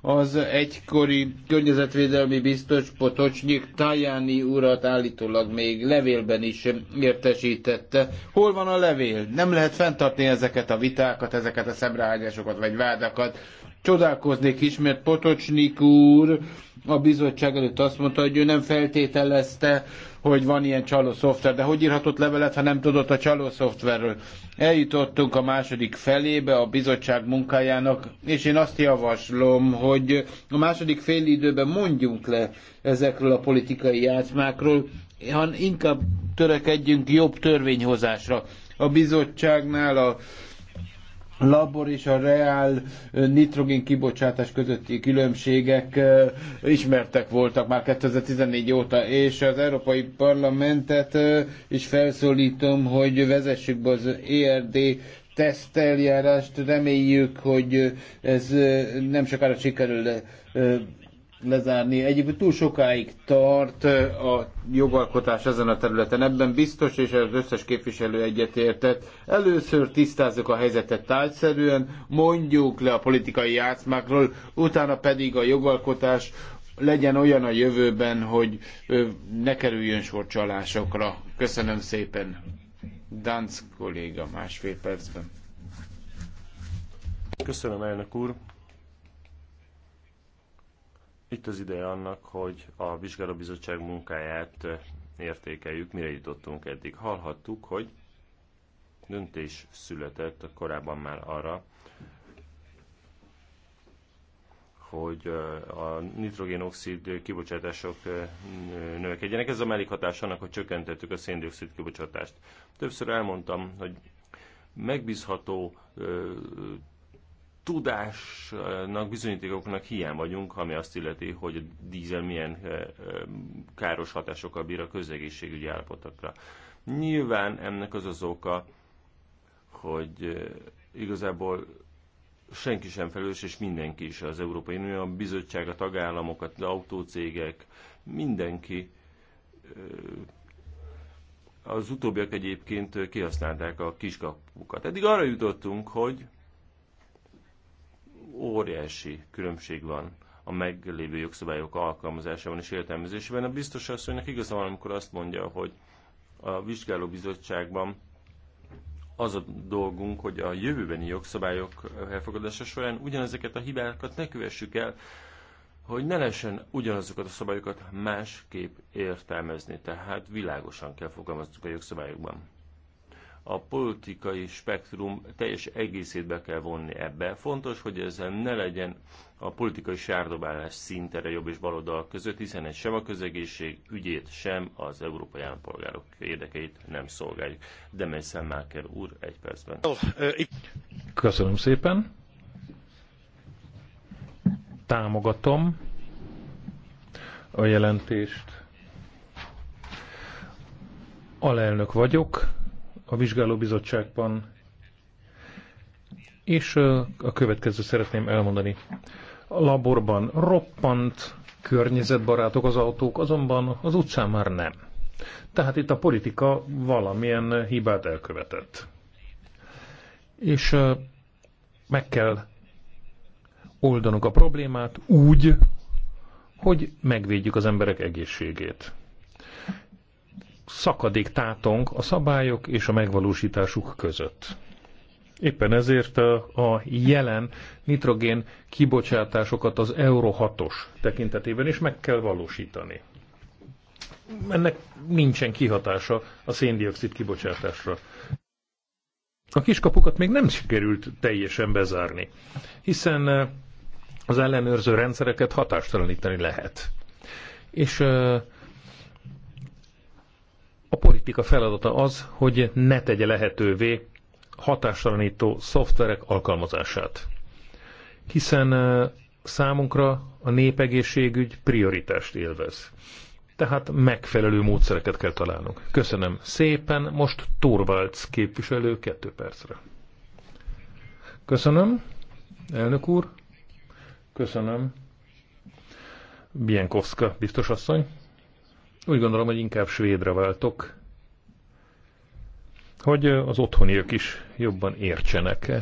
az egykori környezetvédelmi biztos Potocsnyik Tajani urat állítólag még levélben is értesítette. Hol van a levél? Nem lehet fenntartni ezeket a vitákat, ezeket a szemrehányásokat vagy vádakat csodálkoznék is, mert Potocsnik úr a bizottság előtt azt mondta, hogy ő nem feltételezte, hogy van ilyen csaló szoftver, de hogy írhatott levelet, ha nem tudott a csaló szoftverről? Eljutottunk a második felébe a bizottság munkájának, és én azt javaslom, hogy a második fél időben mondjunk le ezekről a politikai játszmákról, hanem inkább törekedjünk jobb törvényhozásra. A bizottságnál a labor és a reál nitrogén kibocsátás közötti különbségek ismertek voltak már 2014 óta, és az Európai Parlamentet is felszólítom, hogy vezessük be az ERD teszteljárást, reméljük, hogy ez nem sokára sikerül lezárni. Egyébként túl sokáig tart a jogalkotás ezen a területen. Ebben biztos, és az összes képviselő egyetértett. Először tisztázzuk a helyzetet tájszerűen, mondjuk le a politikai játszmákról, utána pedig a jogalkotás legyen olyan a jövőben, hogy ne kerüljön sor csalásokra. Köszönöm szépen. Danc kolléga másfél percben. Köszönöm, elnök úr. Itt az ideje annak, hogy a vizsgálóbizottság munkáját értékeljük, mire jutottunk eddig. Hallhattuk, hogy döntés született korábban már arra, hogy a nitrogénoxid kibocsátások növekedjenek. Ez a mellékhatás annak, hogy csökkentettük a széndiokszid kibocsátást. Többször elmondtam, hogy megbízható tudásnak, bizonyítékoknak hiány vagyunk, ami azt illeti, hogy a dízel milyen káros hatásokkal bír a közegészségügyi állapotokra. Nyilván ennek az az oka, hogy igazából senki sem felelős, és mindenki is az Európai Unió, a bizottság, a tagállamokat, az autócégek, mindenki. Az utóbbiak egyébként kihasználták a kiskapukat. Eddig arra jutottunk, hogy óriási különbség van a meglévő jogszabályok alkalmazásában és értelmezésében. A biztos asszonynak igaza van, amikor azt mondja, hogy a vizsgálóbizottságban az a dolgunk, hogy a jövőbeni jogszabályok elfogadása során ugyanezeket a hibákat ne kövessük el, hogy ne lehessen ugyanazokat a szabályokat másképp értelmezni, tehát világosan kell fogalmaznunk a jogszabályokban a politikai spektrum teljes egészét be kell vonni ebbe. Fontos, hogy ez ne legyen a politikai sárdobálás szintere jobb és baloldal között, hiszen egy sem a közegészség ügyét, sem az európai állampolgárok érdekeit nem szolgáljuk. De megy úr, egy percben. Uh, Köszönöm szépen. Támogatom a jelentést. Alelnök vagyok, a vizsgálóbizottságban. És a következő szeretném elmondani. A laborban roppant környezetbarátok az autók, azonban az utcán már nem. Tehát itt a politika valamilyen hibát elkövetett. És meg kell oldanunk a problémát úgy, hogy megvédjük az emberek egészségét szakadék tátong a szabályok és a megvalósításuk között. Éppen ezért a jelen nitrogén kibocsátásokat az Euro 6-os tekintetében is meg kell valósítani. Ennek nincsen kihatása a széndiokszid kibocsátásra. A kiskapukat még nem sikerült teljesen bezárni, hiszen eh, az ellenőrző rendszereket hatástalanítani lehet. És eh, a politika feladata az, hogy ne tegye lehetővé hatástalanító szoftverek alkalmazását. Hiszen számunkra a népegészségügy prioritást élvez. Tehát megfelelő módszereket kell találnunk. Köszönöm szépen, most Torvalds képviselő kettő percre. Köszönöm, elnök úr. Köszönöm. Bienkowska, biztos asszony. Úgy gondolom, hogy inkább svédre váltok, hogy az otthoniak is jobban értsenek.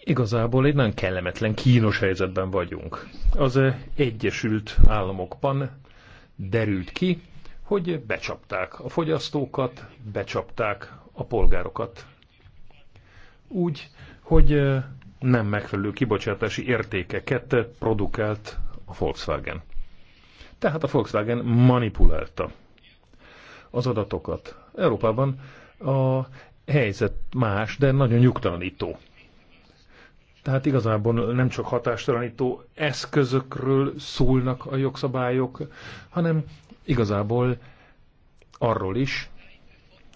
Igazából egy nagyon kellemetlen, kínos helyzetben vagyunk. Az Egyesült Államokban derült ki, hogy becsapták a fogyasztókat, becsapták a polgárokat. Úgy, hogy nem megfelelő kibocsátási értékeket produkált a Volkswagen. Tehát a Volkswagen manipulálta az adatokat. Európában a helyzet más, de nagyon nyugtalanító. Tehát igazából nem csak hatástalanító eszközökről szólnak a jogszabályok, hanem igazából arról is,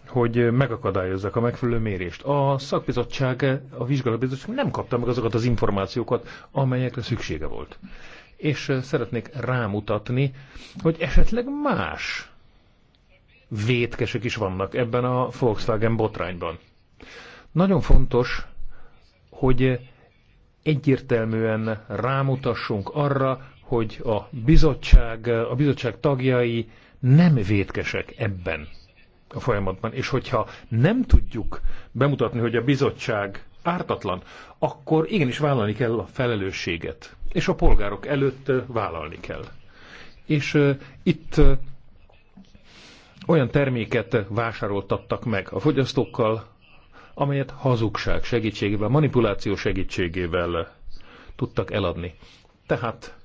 hogy megakadályozzák a megfelelő mérést. A szakbizottság, a vizsgálatbizottság nem kapta meg azokat az információkat, amelyekre szüksége volt és szeretnék rámutatni, hogy esetleg más vétkesek is vannak ebben a Volkswagen botrányban. Nagyon fontos, hogy egyértelműen rámutassunk arra, hogy a bizottság, a bizottság tagjai nem vétkesek ebben a folyamatban. És hogyha nem tudjuk bemutatni, hogy a bizottság ártatlan, akkor igenis vállalni kell a felelősséget, és a polgárok előtt vállalni kell. És uh, itt uh, olyan terméket vásároltattak meg a fogyasztókkal, amelyet hazugság segítségével, manipuláció segítségével tudtak eladni. Tehát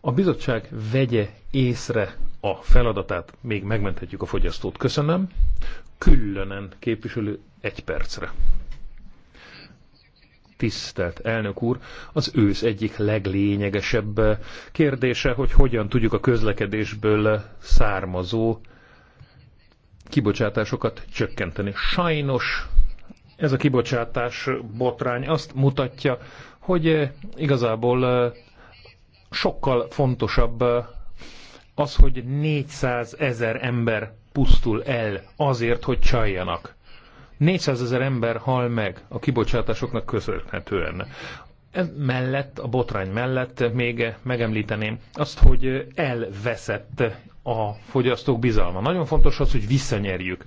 a bizottság vegye észre a feladatát, még megmenthetjük a fogyasztót. Köszönöm. Különen képviselő egy percre. Tisztelt elnök úr, az ősz egyik leglényegesebb eh, kérdése, hogy hogyan tudjuk a közlekedésből eh, származó kibocsátásokat csökkenteni. Sajnos ez a kibocsátás botrány azt mutatja, hogy eh, igazából sokkal fontosabb az, hogy 400 ezer ember pusztul el azért, hogy csaljanak. 400 ezer ember hal meg a kibocsátásoknak köszönhetően. mellett, a botrány mellett még megemlíteném azt, hogy elveszett a fogyasztók bizalma. Nagyon fontos az, hogy visszanyerjük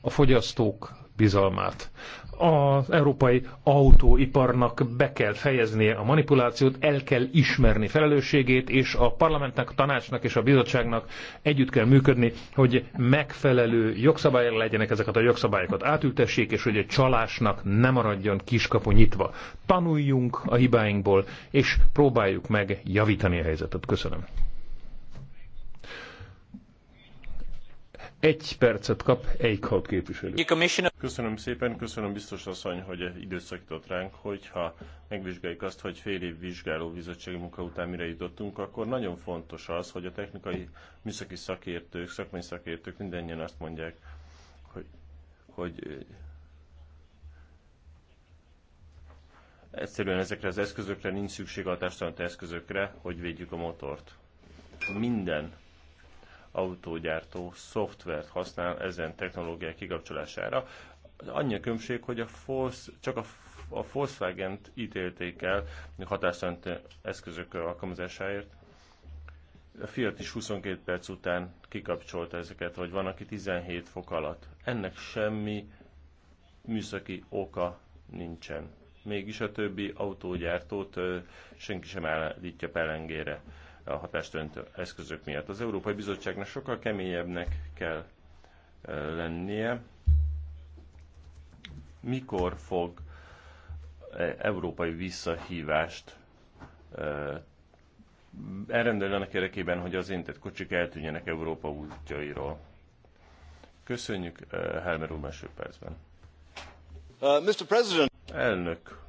a fogyasztók bizalmát az európai autóiparnak be kell fejeznie a manipulációt, el kell ismerni felelősségét, és a parlamentnek, a tanácsnak és a bizottságnak együtt kell működni, hogy megfelelő jogszabályok legyenek ezeket a jogszabályokat átültessék, és hogy egy csalásnak ne maradjon kiskapu nyitva. Tanuljunk a hibáinkból, és próbáljuk meg javítani a helyzetet. Köszönöm. Egy percet kap Eichhout képviselő. Köszönöm szépen, köszönöm biztos asszony, hogy időszakított ránk, hogyha megvizsgáljuk azt, hogy fél év vizsgáló bizottsági munka után mire jutottunk, akkor nagyon fontos az, hogy a technikai műszaki szakértők, szakmai szakértők mindennyien azt mondják, hogy, hogy eh, egyszerűen ezekre az eszközökre nincs szükség a társadalmi eszközökre, hogy védjük a motort. Minden autógyártó szoftvert használ ezen technológiák kikapcsolására. Annyi a különbség, hogy a Force, csak a, a Volkswagen-t ítélték el hatástalan eszközök alkalmazásáért, a Fiat is 22 perc után kikapcsolta ezeket, vagy van, aki 17 fok alatt. Ennek semmi műszaki oka nincsen. Mégis a többi autógyártót senki sem állítja pelengére a hatástörentő eszközök miatt. Az Európai Bizottságnak sokkal keményebbnek kell lennie. Mikor fog e, európai visszahívást elrendelni annak érdekében, hogy az intett kocsik eltűnjenek Európa útjairól? Köszönjük Helmer úr percben. Uh, Mr. President. Elnök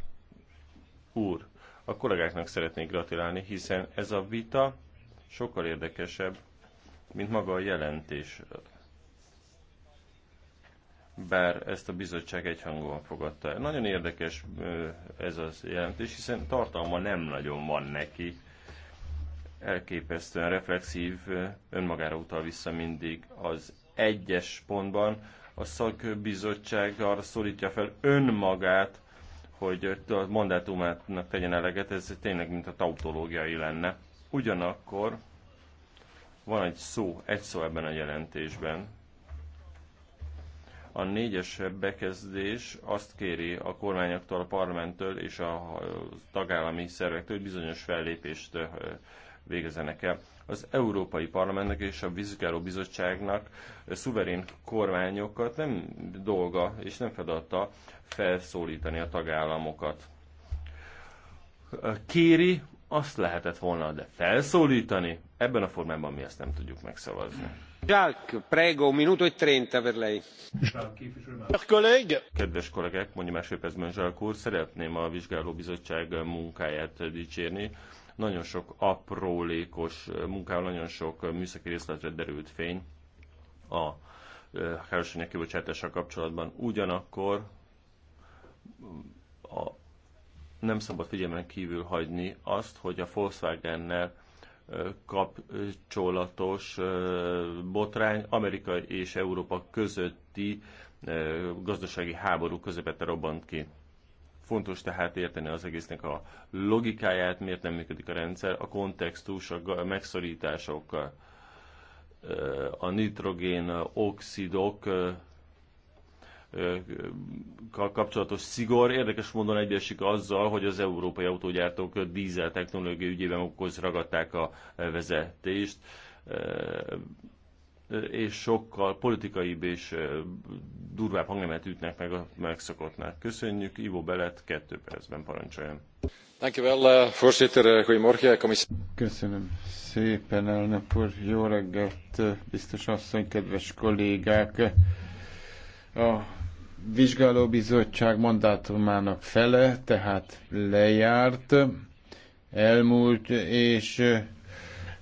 úr, a kollégáknak szeretnék gratulálni, hiszen ez a vita sokkal érdekesebb, mint maga a jelentés. Bár ezt a bizottság egyhangúan fogadta Nagyon érdekes ez a jelentés, hiszen tartalma nem nagyon van neki. Elképesztően reflexív, önmagára utal vissza mindig az egyes pontban. A szakbizottság arra szólítja fel önmagát, hogy a mandátumának tegyen eleget, ez tényleg mint a tautológiai lenne. Ugyanakkor van egy szó, egy szó ebben a jelentésben. A négyes bekezdés azt kéri a kormányoktól, a parlamenttől és a tagállami szervektől, hogy bizonyos fellépést végezenek el. Az Európai Parlamentnek és a Vizsgáló Bizottságnak szuverén kormányokat nem dolga és nem feladata felszólítani a tagállamokat. Kéri, azt lehetett volna, de felszólítani, ebben a formában mi ezt nem tudjuk megszavazni. Jacques, prego, minuto e trenta per lei. Kedves kollégák, másképp ez Zsák úr, szeretném a vizsgálóbizottság munkáját dicsérni. Nagyon sok aprólékos munkával, nagyon sok műszaki részletre derült fény a károsanyag kibocsátással kapcsolatban. Ugyanakkor a, nem szabad figyelmen kívül hagyni azt, hogy a Volkswagen-nel kapcsolatos botrány Amerika és Európa közötti gazdasági háború közepette robbant ki. Fontos tehát érteni az egésznek a logikáját, miért nem működik a rendszer, a kontextus, a megszorítások, a nitrogén oxidok kapcsolatos szigor érdekes módon egyesik azzal, hogy az európai autógyártók dízel technológiai ügyében okoz ragadták a vezetést és sokkal politikaibb és durvább hangnemet ütnek meg a megszokottnál. Köszönjük, Ivo Belet, kettő percben parancsoljon. Uh, uh, Köszönöm szépen, elnök úr. Jó reggelt, uh, biztos asszony, kedves kollégák. A vizsgálóbizottság mandátumának fele, tehát lejárt, elmúlt, és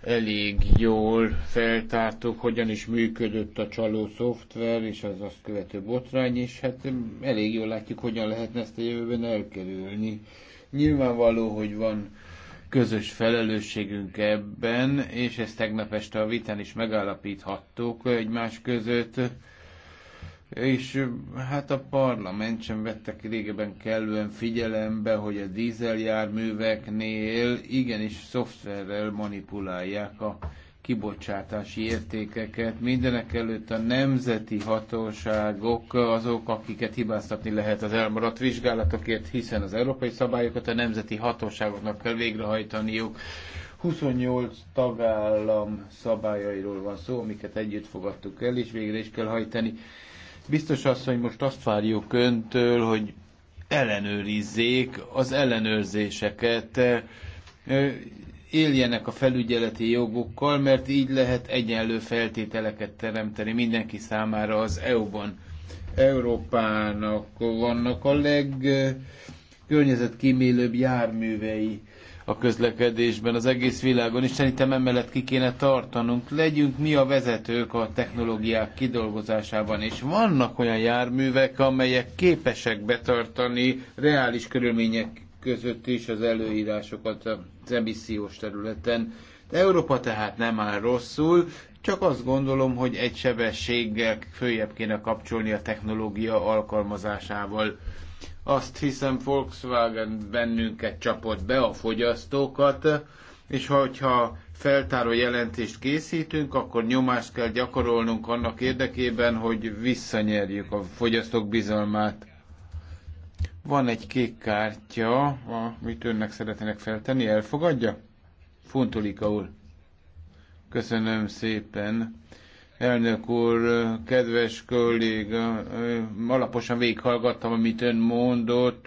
elég jól feltártuk, hogyan is működött a csaló szoftver és az azt követő botrány, és hát elég jól látjuk, hogyan lehetne ezt a jövőben elkerülni. Nyilvánvaló, hogy van közös felelősségünk ebben, és ezt tegnap este a vitán is megállapíthattuk egymás között és hát a parlament sem vette ki régebben kellően figyelembe, hogy a dízeljárműveknél igenis szoftverrel manipulálják a kibocsátási értékeket. Mindenek előtt a nemzeti hatóságok azok, akiket hibáztatni lehet az elmaradt vizsgálatokért, hiszen az európai szabályokat a nemzeti hatóságoknak kell végrehajtaniuk. 28 tagállam szabályairól van szó, amiket együtt fogadtuk el, és végre is kell hajtani. Biztos hogy most azt várjuk öntől, hogy ellenőrizzék az ellenőrzéseket, éljenek a felügyeleti jogokkal, mert így lehet egyenlő feltételeket teremteni mindenki számára az EU-ban. Európának vannak a legkörnyezetkímélőbb járművei a közlekedésben, az egész világon, és szerintem emellett ki kéne tartanunk. Legyünk mi a vezetők a technológiák kidolgozásában, és vannak olyan járművek, amelyek képesek betartani reális körülmények között is az előírásokat az emissziós területen. De Európa tehát nem áll rosszul, csak azt gondolom, hogy egy sebességgel följebb kéne kapcsolni a technológia alkalmazásával. Azt hiszem Volkswagen bennünket csapott be a fogyasztókat, és hogyha feltáró jelentést készítünk, akkor nyomást kell gyakorolnunk annak érdekében, hogy visszanyerjük a fogyasztók bizalmát. Van egy kék kártya, amit önnek szeretnének feltenni, elfogadja? Funtulika úr. Köszönöm szépen. Elnök úr, kedves kolléga, alaposan véghallgattam, amit ön mondott,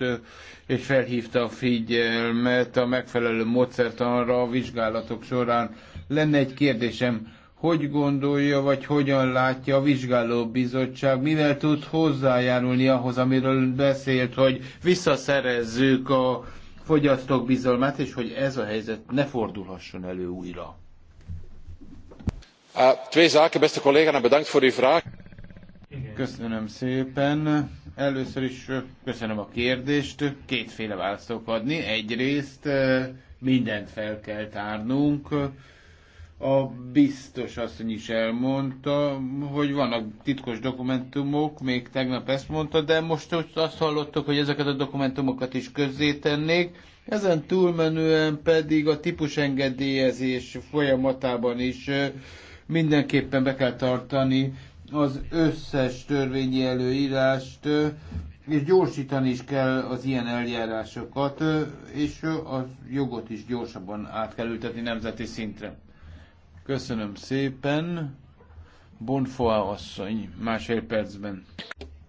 és felhívta a figyelmet a megfelelő módszertanra a vizsgálatok során. Lenne egy kérdésem, hogy gondolja, vagy hogyan látja a vizsgálóbizottság, mivel tud hozzájárulni ahhoz, amiről beszélt, hogy visszaszerezzük a fogyasztók bizalmát, és hogy ez a helyzet ne fordulhasson elő újra twee zaken beste collega en bedankt voor uw vraag. Köszönöm szépen. Először is köszönöm a kérdést. Kétféle választ tudok adni. Egyrészt eh, mindent fel kell tárnunk. A biztos asszony is elmondta, hogy vannak titkos dokumentumok, még tegnap ezt mondta, de most azt hallottuk, hogy ezeket a dokumentumokat is közzétennék. Ezen túlmenően pedig a típusengedélyezés folyamatában is eh, mindenképpen be kell tartani az összes törvényi előírást, és gyorsítani is kell az ilyen eljárásokat, és a jogot is gyorsabban át kell ültetni nemzeti szintre. Köszönöm szépen. Bonfoa asszony, másfél percben.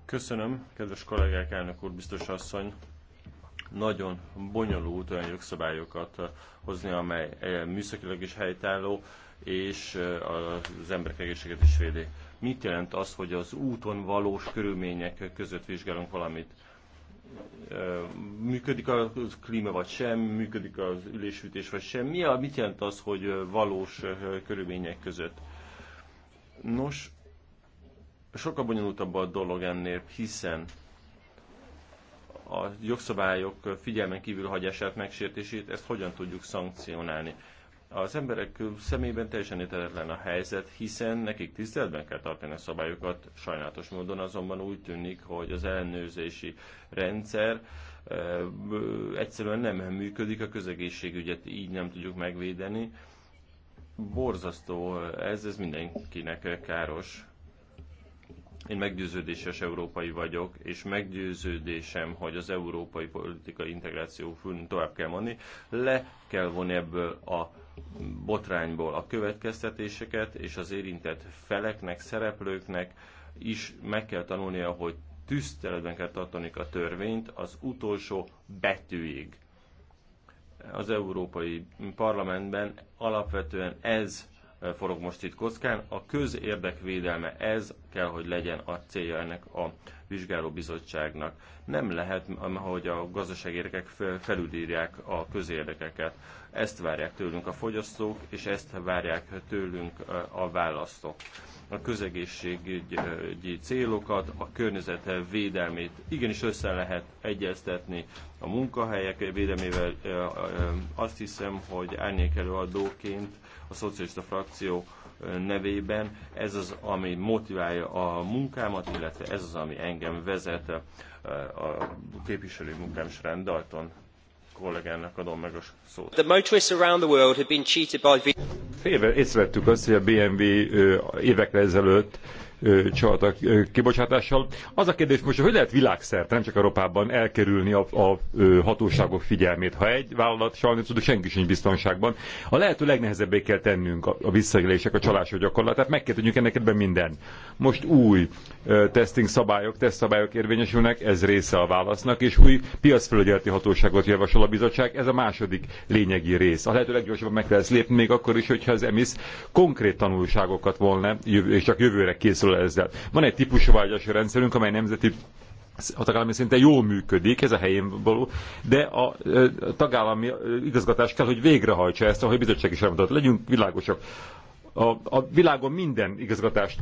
Köszönöm, kedves kollégák, elnök úr, biztos asszony. Nagyon bonyolult olyan jogszabályokat hozni, amely eh, műszakilag is helytálló, és az emberek egészséget is védi. Mit jelent az, hogy az úton valós körülmények között vizsgálunk valamit? Működik a klíma vagy sem, működik az ülésütés vagy sem? Mi a, mit jelent az, hogy valós körülmények között? Nos, sokkal bonyolultabb a dolog ennél, hiszen a jogszabályok figyelmen kívül hagyását, megsértését, ezt hogyan tudjuk szankcionálni. Az emberek szemében teljesen értetlen a helyzet, hiszen nekik tiszteletben kell tartani a szabályokat, sajnálatos módon azonban úgy tűnik, hogy az ellenőrzési rendszer e, egyszerűen nem működik, a közegészségügyet így nem tudjuk megvédeni. Borzasztó ez, ez mindenkinek káros. Én meggyőződéses európai vagyok, és meggyőződésem, hogy az európai politikai integráció tovább kell menni, le kell vonni ebből a botrányból a következtetéseket, és az érintett feleknek, szereplőknek is meg kell tanulnia, hogy tiszteletben kell tartani a törvényt az utolsó betűig. Az Európai Parlamentben alapvetően ez forog most itt kockán. A közérdek védelme ez kell, hogy legyen a célja ennek a vizsgálóbizottságnak. Nem lehet, hogy a gazdasági felülírják a közérdekeket. Ezt várják tőlünk a fogyasztók, és ezt várják tőlünk a választók. A közegészségügyi célokat, a környezet védelmét igenis össze lehet egyeztetni a munkahelyek védelmével. Azt hiszem, hogy árnyékelő adóként a szocialista frakció nevében, ez az, ami motiválja a munkámat, illetve ez az, ami engem vezet a képviselő munkám Sren Dalton kollégának adom meg a szót. The motorists around the world have been cheated by... Félve észrevettük azt, hogy a BMW évekre ezelőtt csaltak kibocsátással. Az a kérdés most, hogy lehet világszerte, nem csak Európában elkerülni a, a hatóságok figyelmét. Ha egy vállalat sajnos tudja, senki sincs biztonságban. A lehető legnehezebbé kell tennünk a, a visszaélések, a csalások gyakorlatát. Meg kell tudjuk ennek ebben minden. Most új testing szabályok, teszt szabályok érvényesülnek, ez része a válasznak, és új piacfelügyeleti hatóságot javasol a bizottság. Ez a második lényegi rész. A lehető leggyorsabban meg kell ezt lépni, még akkor is, hogyha az emisz konkrét tanulságokat volna, és csak jövőre készül készül ezzel. Van egy vágyási rendszerünk, amely nemzeti a tagállami szinte jól működik, ez a helyén való, de a, a tagállami igazgatás kell, hogy végrehajtsa ezt, ahogy a bizottság is elmondott. Legyünk világosak a, a világon minden igazgatást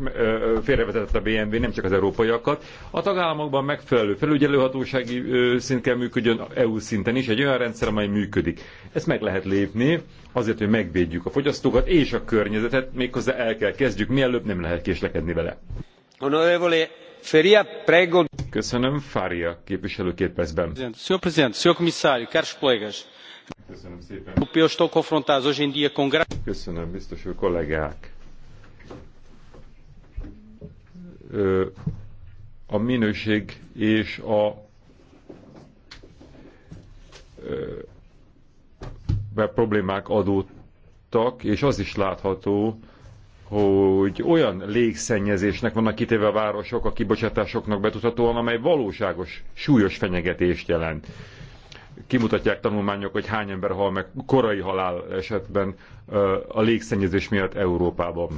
félrevezetett a BMW, nem csak az európaiakat. A tagállamokban megfelelő felügyelőhatósági szint kell működjön, EU szinten is egy olyan rendszer, amely működik. Ezt meg lehet lépni azért, hogy megvédjük a fogyasztókat és a környezetet, méghozzá el kell kezdjük, mielőbb nem lehet késlekedni vele. Honorevole Feria, prego. Köszönöm, Fária képviselő két percben. Senhor Presidente, Senhor Comissário, caros colegas, Köszönöm biztos úr kollégák. A minőség és a be problémák adódtak, és az is látható, hogy olyan légszennyezésnek vannak kitéve a városok a kibocsátásoknak betudhatóan, amely valóságos, súlyos fenyegetést jelent kimutatják tanulmányok, hogy hány ember hal meg korai halál esetben a légszennyezés miatt Európában.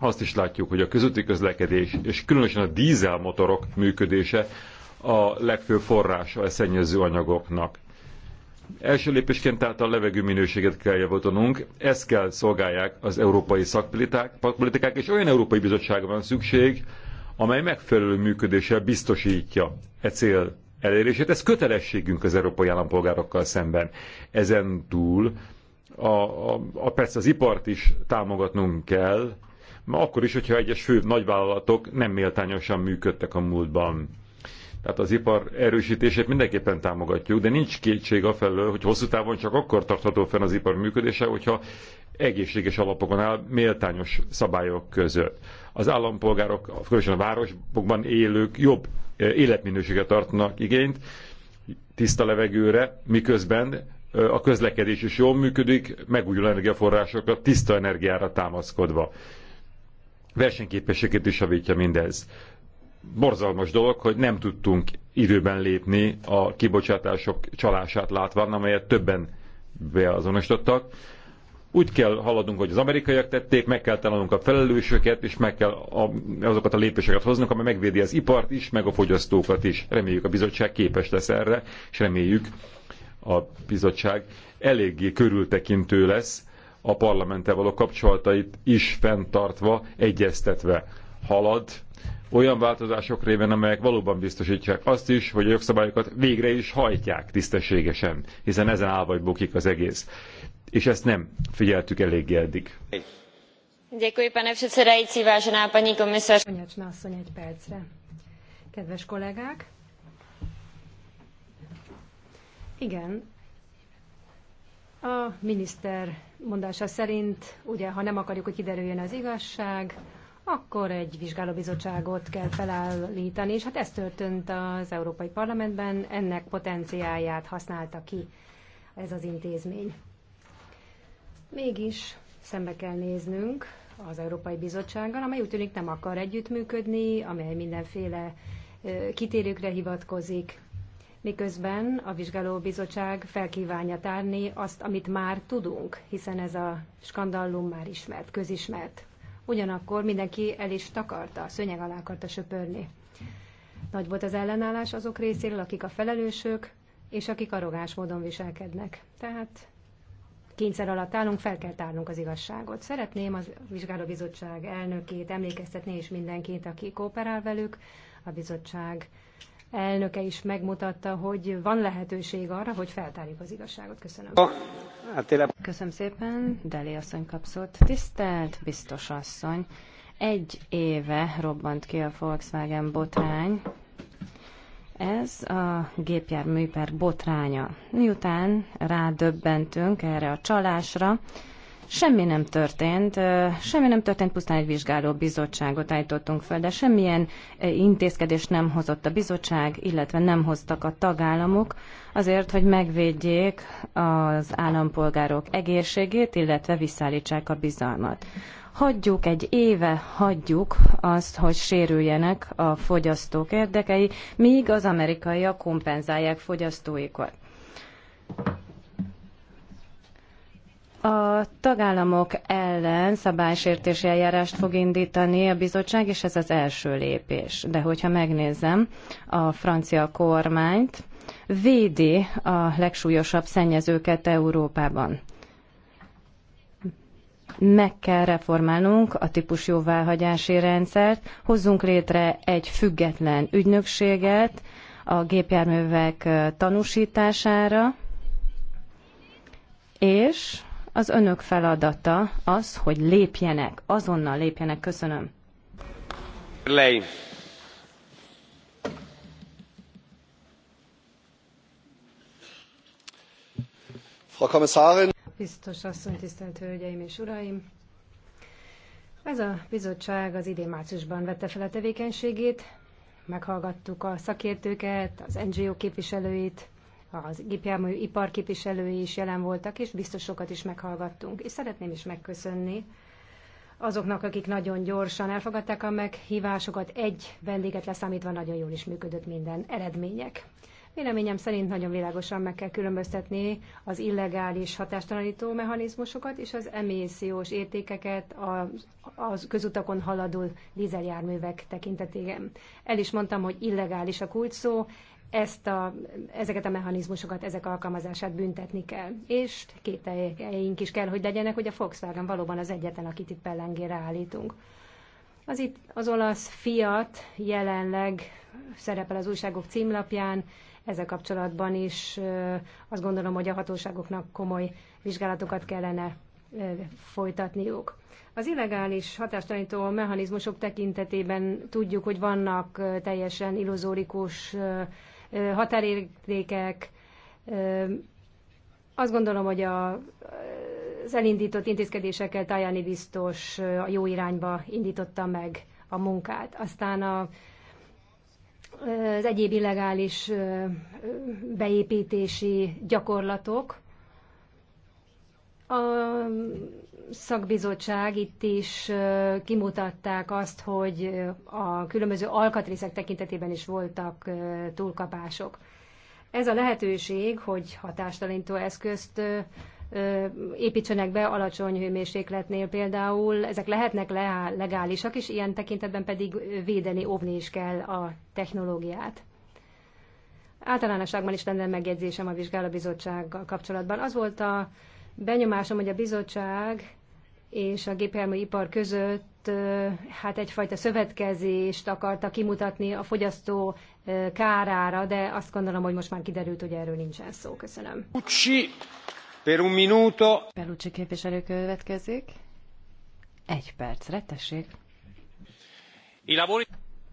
Azt is látjuk, hogy a közötti közlekedés, és különösen a dízelmotorok működése a legfőbb forrása a szennyező anyagoknak. Első lépésként tehát a levegő minőséget kell javítanunk, ezt kell szolgálják az európai szakpolitikák, és olyan Európai bizottságban van szükség, amely megfelelő működéssel biztosítja e cél elérését. Ez kötelességünk az európai állampolgárokkal szemben. Ezen túl a, a, a persze az ipart is támogatnunk kell, akkor is, hogyha egyes fő nagyvállalatok nem méltányosan működtek a múltban. Tehát az ipar erősítését mindenképpen támogatjuk, de nincs kétség felől, hogy hosszú távon csak akkor tartható fenn az ipar működése, hogyha egészséges alapokon áll, méltányos szabályok között. Az állampolgárok, különösen a városokban élők jobb életminőséget tartanak igényt, tiszta levegőre, miközben a közlekedés is jól működik, megújuló energiaforrásokat tiszta energiára támaszkodva. Versenyképességét is javítja mindez. Borzalmas dolog, hogy nem tudtunk időben lépni a kibocsátások csalását látván, amelyet többen beazonosítottak úgy kell haladnunk, hogy az amerikaiak tették, meg kell találnunk a felelősöket, és meg kell a, azokat a lépéseket hoznunk, amely megvédi az ipart is, meg a fogyasztókat is. Reméljük a bizottság képes lesz erre, és reméljük a bizottság eléggé körültekintő lesz a parlamente való kapcsolatait is fenntartva, egyeztetve halad olyan változások révén, amelyek valóban biztosítják azt is, hogy a jogszabályokat végre is hajtják tisztességesen, hiszen ezen áll vagy bukik az egész és ezt nem figyeltük eléggé eddig. Děkuji, pane předsedající, vážená paní komisař. asszony egy percre. Kedves kollégák! Igen, a miniszter mondása szerint, ugye, ha nem akarjuk, hogy kiderüljön az igazság, akkor egy vizsgálóbizottságot kell felállítani, és hát ez történt az Európai Parlamentben, ennek potenciáját használta ki ez az intézmény. Mégis szembe kell néznünk az Európai Bizottsággal, amely úgy tűnik nem akar együttműködni, amely mindenféle kitérőkre hivatkozik, miközben a vizsgálóbizottság felkívánja tárni azt, amit már tudunk, hiszen ez a skandallum már ismert, közismert. Ugyanakkor mindenki el is takarta, szőnyeg alá akarta söpörni. Nagy volt az ellenállás azok részéről, akik a felelősök, és akik arrogáns módon viselkednek. Tehát kényszer alatt állunk, fel kell tárnunk az igazságot. Szeretném az vizsgálóbizottság elnökét emlékeztetni, és mindenkit, aki kooperál velük, a bizottság elnöke is megmutatta, hogy van lehetőség arra, hogy feltárjuk az igazságot. Köszönöm. Köszönöm szépen, Deli asszony kapszott. Tisztelt biztos asszony, egy éve robbant ki a Volkswagen botrány, ez a gépjárműper botránya. Miután rádöbbentünk erre a csalásra, Semmi nem történt, semmi nem történt, pusztán egy vizsgáló bizottságot állítottunk fel, de semmilyen intézkedés nem hozott a bizottság, illetve nem hoztak a tagállamok azért, hogy megvédjék az állampolgárok egészségét, illetve visszaállítsák a bizalmat. Hagyjuk egy éve, hagyjuk azt, hogy sérüljenek a fogyasztók érdekei, míg az amerikaiak kompenzálják fogyasztóikat. A tagállamok ellen szabálysértési eljárást fog indítani a bizottság, és ez az első lépés. De hogyha megnézem a francia kormányt, védi a legsúlyosabb szennyezőket Európában. Meg kell reformálnunk a típus jóváhagyási rendszert, hozzunk létre egy független ügynökséget a gépjárművek tanúsítására, és az önök feladata az, hogy lépjenek, azonnal lépjenek. Köszönöm. Lei. Frau Kommissarin. Biztos asszony, tisztelt Hölgyeim és Uraim! Ez a bizottság az idén márciusban vette fel a tevékenységét, meghallgattuk a szakértőket, az NGO képviselőit, az gépjármű iparképviselői is jelen voltak, és biztos sokat is meghallgattunk. És szeretném is megköszönni azoknak, akik nagyon gyorsan elfogadták a meghívásokat. Egy vendéget leszámítva nagyon jól is működött minden eredmények. Véleményem szerint nagyon világosan meg kell különböztetni az illegális hatástalanító mechanizmusokat és az emissziós értékeket a, a közutakon haladó dízeljárművek tekintetében. El is mondtam, hogy illegális a kulcs szó, ezt a, ezeket a mechanizmusokat, ezek alkalmazását büntetni kell. És kételjeink is kell, hogy legyenek, hogy a Volkswagen valóban az egyetlen, akit itt pellengére állítunk. Az itt az olasz Fiat jelenleg szerepel az újságok címlapján, ezzel kapcsolatban is azt gondolom, hogy a hatóságoknak komoly vizsgálatokat kellene folytatniuk. Az illegális hatástalanító mechanizmusok tekintetében tudjuk, hogy vannak teljesen illuzórikus határértékek. Azt gondolom, hogy a, az elindított intézkedésekkel Tajani biztos a jó irányba indította meg a munkát. Aztán a, az egyéb illegális beépítési gyakorlatok. A szakbizottság itt is kimutatták azt, hogy a különböző alkatrészek tekintetében is voltak túlkapások. Ez a lehetőség, hogy hatástalanító eszközt építsenek be alacsony hőmérsékletnél például, ezek lehetnek legálisak, és ilyen tekintetben pedig védeni, óvni is kell a technológiát. Általánosságban is lenne megjegyzésem a vizsgálóbizottsággal kapcsolatban. Az volt a benyomásom, hogy a bizottság és a gépjárműipar között hát egyfajta szövetkezést akarta kimutatni a fogyasztó kárára, de azt gondolom, hogy most már kiderült, hogy erről nincsen szó. Köszönöm. Ucsi, per un minuto. Pelucsi képviselő következik. Egy percre, tessék.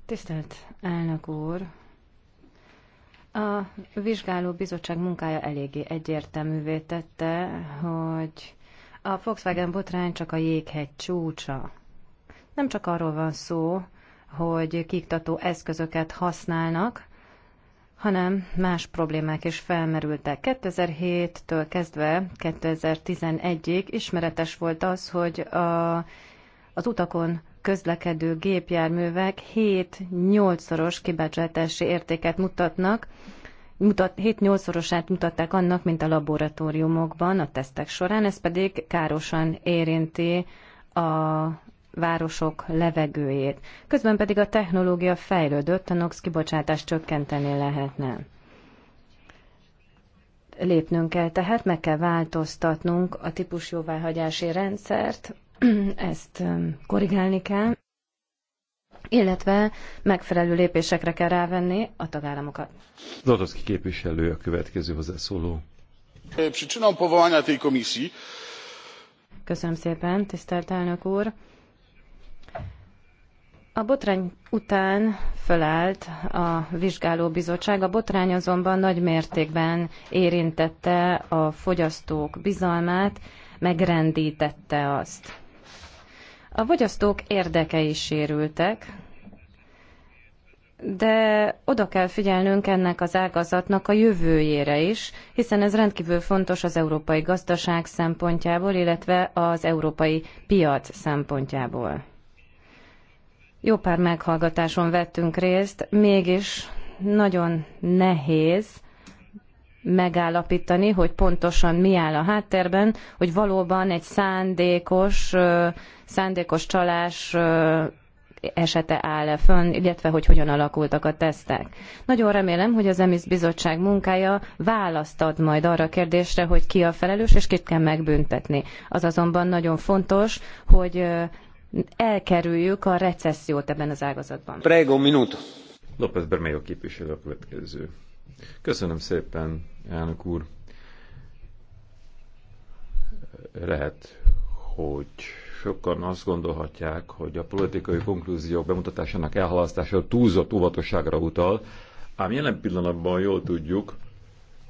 Tisztelt elnök úr, a vizsgáló bizottság munkája eléggé egyértelművé tette, hogy a Volkswagen botrány csak a jéghegy csúcsa. Nem csak arról van szó, hogy kiktató eszközöket használnak, hanem más problémák is felmerültek. 2007-től kezdve 2011-ig ismeretes volt az, hogy a, az utakon közlekedő gépjárművek 7-8-szoros kibecsetési értéket mutatnak, mutat, 7-8-szorosát mutatták annak, mint a laboratóriumokban a tesztek során, ez pedig károsan érinti a városok levegőjét. Közben pedig a technológia fejlődött, a NOx kibocsátást csökkenteni lehetne. Lépnünk kell tehát, meg kell változtatnunk a típusjóváhagyási rendszert, ezt korrigálni kell illetve megfelelő lépésekre kell rávenni a tagállamokat. Zatoszki képviselő a következő hozzászóló. Köszönöm szépen, tisztelt elnök úr. A botrány után fölállt a vizsgálóbizottság, a botrány azonban nagy mértékben érintette a fogyasztók bizalmát, megrendítette azt. A fogyasztók érdekei sérültek, de oda kell figyelnünk ennek az ágazatnak a jövőjére is, hiszen ez rendkívül fontos az európai gazdaság szempontjából, illetve az európai piac szempontjából. Jó pár meghallgatáson vettünk részt, mégis nagyon nehéz megállapítani, hogy pontosan mi áll a háttérben, hogy valóban egy szándékos, szándékos csalás esete áll e fönn, illetve hogy hogyan alakultak a tesztek. Nagyon remélem, hogy az EMISZ bizottság munkája választ ad majd arra a kérdésre, hogy ki a felelős és kit kell megbüntetni. Az azonban nagyon fontos, hogy elkerüljük a recessziót ebben az ágazatban. Prego, minuto. López Bermejo képviselő a következő. Köszönöm szépen, elnök úr. Lehet, hogy sokan azt gondolhatják, hogy a politikai konklúziók bemutatásának elhalasztása túlzott óvatosságra utal, ám jelen pillanatban jól tudjuk,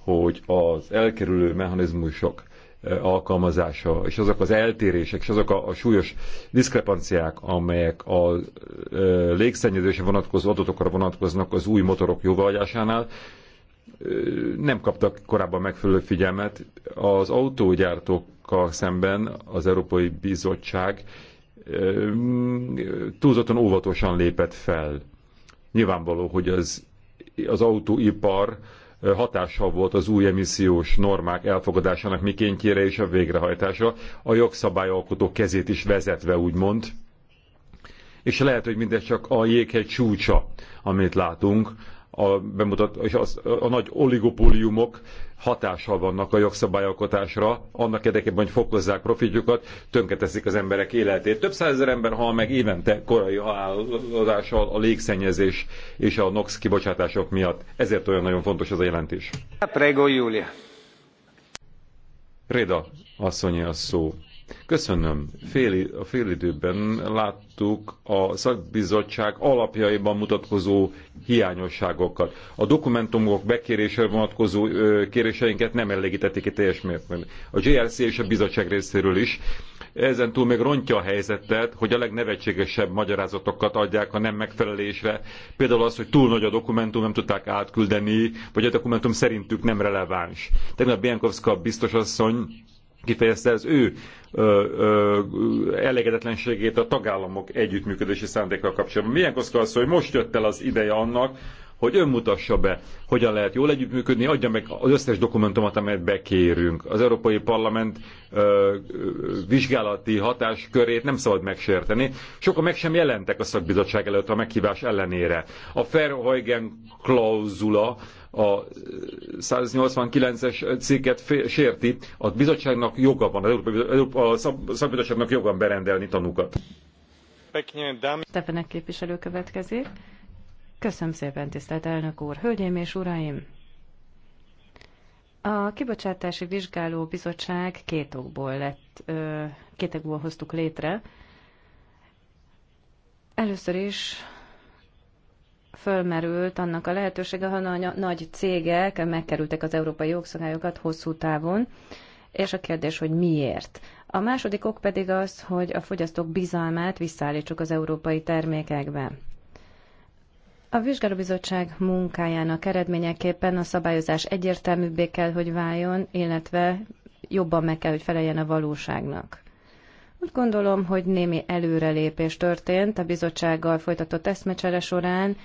hogy az elkerülő mechanizmusok e, alkalmazása, és azok az eltérések, és azok a, a súlyos diszkrepanciák, amelyek a e, légszennyezésre vonatkozó adatokra vonatkoznak az új motorok jóváhagyásánál, nem kaptak korábban megfelelő figyelmet. Az autógyártókkal szemben az Európai Bizottság túlzottan óvatosan lépett fel. Nyilvánvaló, hogy az, az autóipar hatással volt az új emissziós normák elfogadásának mikéntjére és a végrehajtása a jogszabályalkotó kezét is vezetve, úgymond. És lehet, hogy mindez csak a jéghegy csúcsa, amit látunk, a, bemutat, az a nagy oligopóliumok hatással vannak a jogszabályalkotásra, annak érdekében, hogy fokozzák profitjukat, tönketeszik az emberek életét. Több százezer ember hal meg évente korai halálozással a légszennyezés és a NOx kibocsátások miatt. Ezért olyan nagyon fontos az a jelentés. Prego, Júlia. Réda asszonyi a szó. Köszönöm. Fél, a időben láttuk a szakbizottság alapjaiban mutatkozó hiányosságokat. A dokumentumok bekérésre vonatkozó ö, kéréseinket nem elégítették ki teljes mértékben. A JRC és a bizottság részéről is. Ezen túl még rontja a helyzetet, hogy a legnevetségesebb magyarázatokat adják a nem megfelelésre. Például az, hogy túl nagy a dokumentum, nem tudták átküldeni, vagy a dokumentum szerintük nem releváns. Tegnap Biankovska biztos asszony kifejezte az ő ö, ö, elégedetlenségét a tagállamok együttműködési szándékkal kapcsolatban. Milyen koszka az, hogy most jött el az ideje annak, hogy ön mutassa be, hogyan lehet jól együttműködni, adja meg az összes dokumentumot, amelyet bekérünk. Az Európai Parlament ö, vizsgálati hatáskörét nem szabad megsérteni. Sokan meg sem jelentek a szakbizottság előtt a meghívás ellenére. A Verheugen klauzula, a 189-es cikket sérti, a bizottságnak joga van, a szakbizottságnak joga van berendelni tanúkat. Stefanek képviselő következik. Köszönöm szépen, tisztelt elnök úr, hölgyeim és uraim! A kibocsátási vizsgáló bizottság két okból lett, két okból hoztuk létre. Először is fölmerült annak a lehetősége, ha nagy cégek megkerültek az európai jogszabályokat hosszú távon, és a kérdés, hogy miért. A második ok pedig az, hogy a fogyasztók bizalmát visszaállítsuk az európai termékekbe. A vizsgálóbizottság munkájának eredményeképpen a szabályozás egyértelműbbé kell, hogy váljon, illetve jobban meg kell, hogy feleljen a valóságnak. Úgy gondolom, hogy némi előrelépés történt a bizottsággal folytatott eszmecsere során,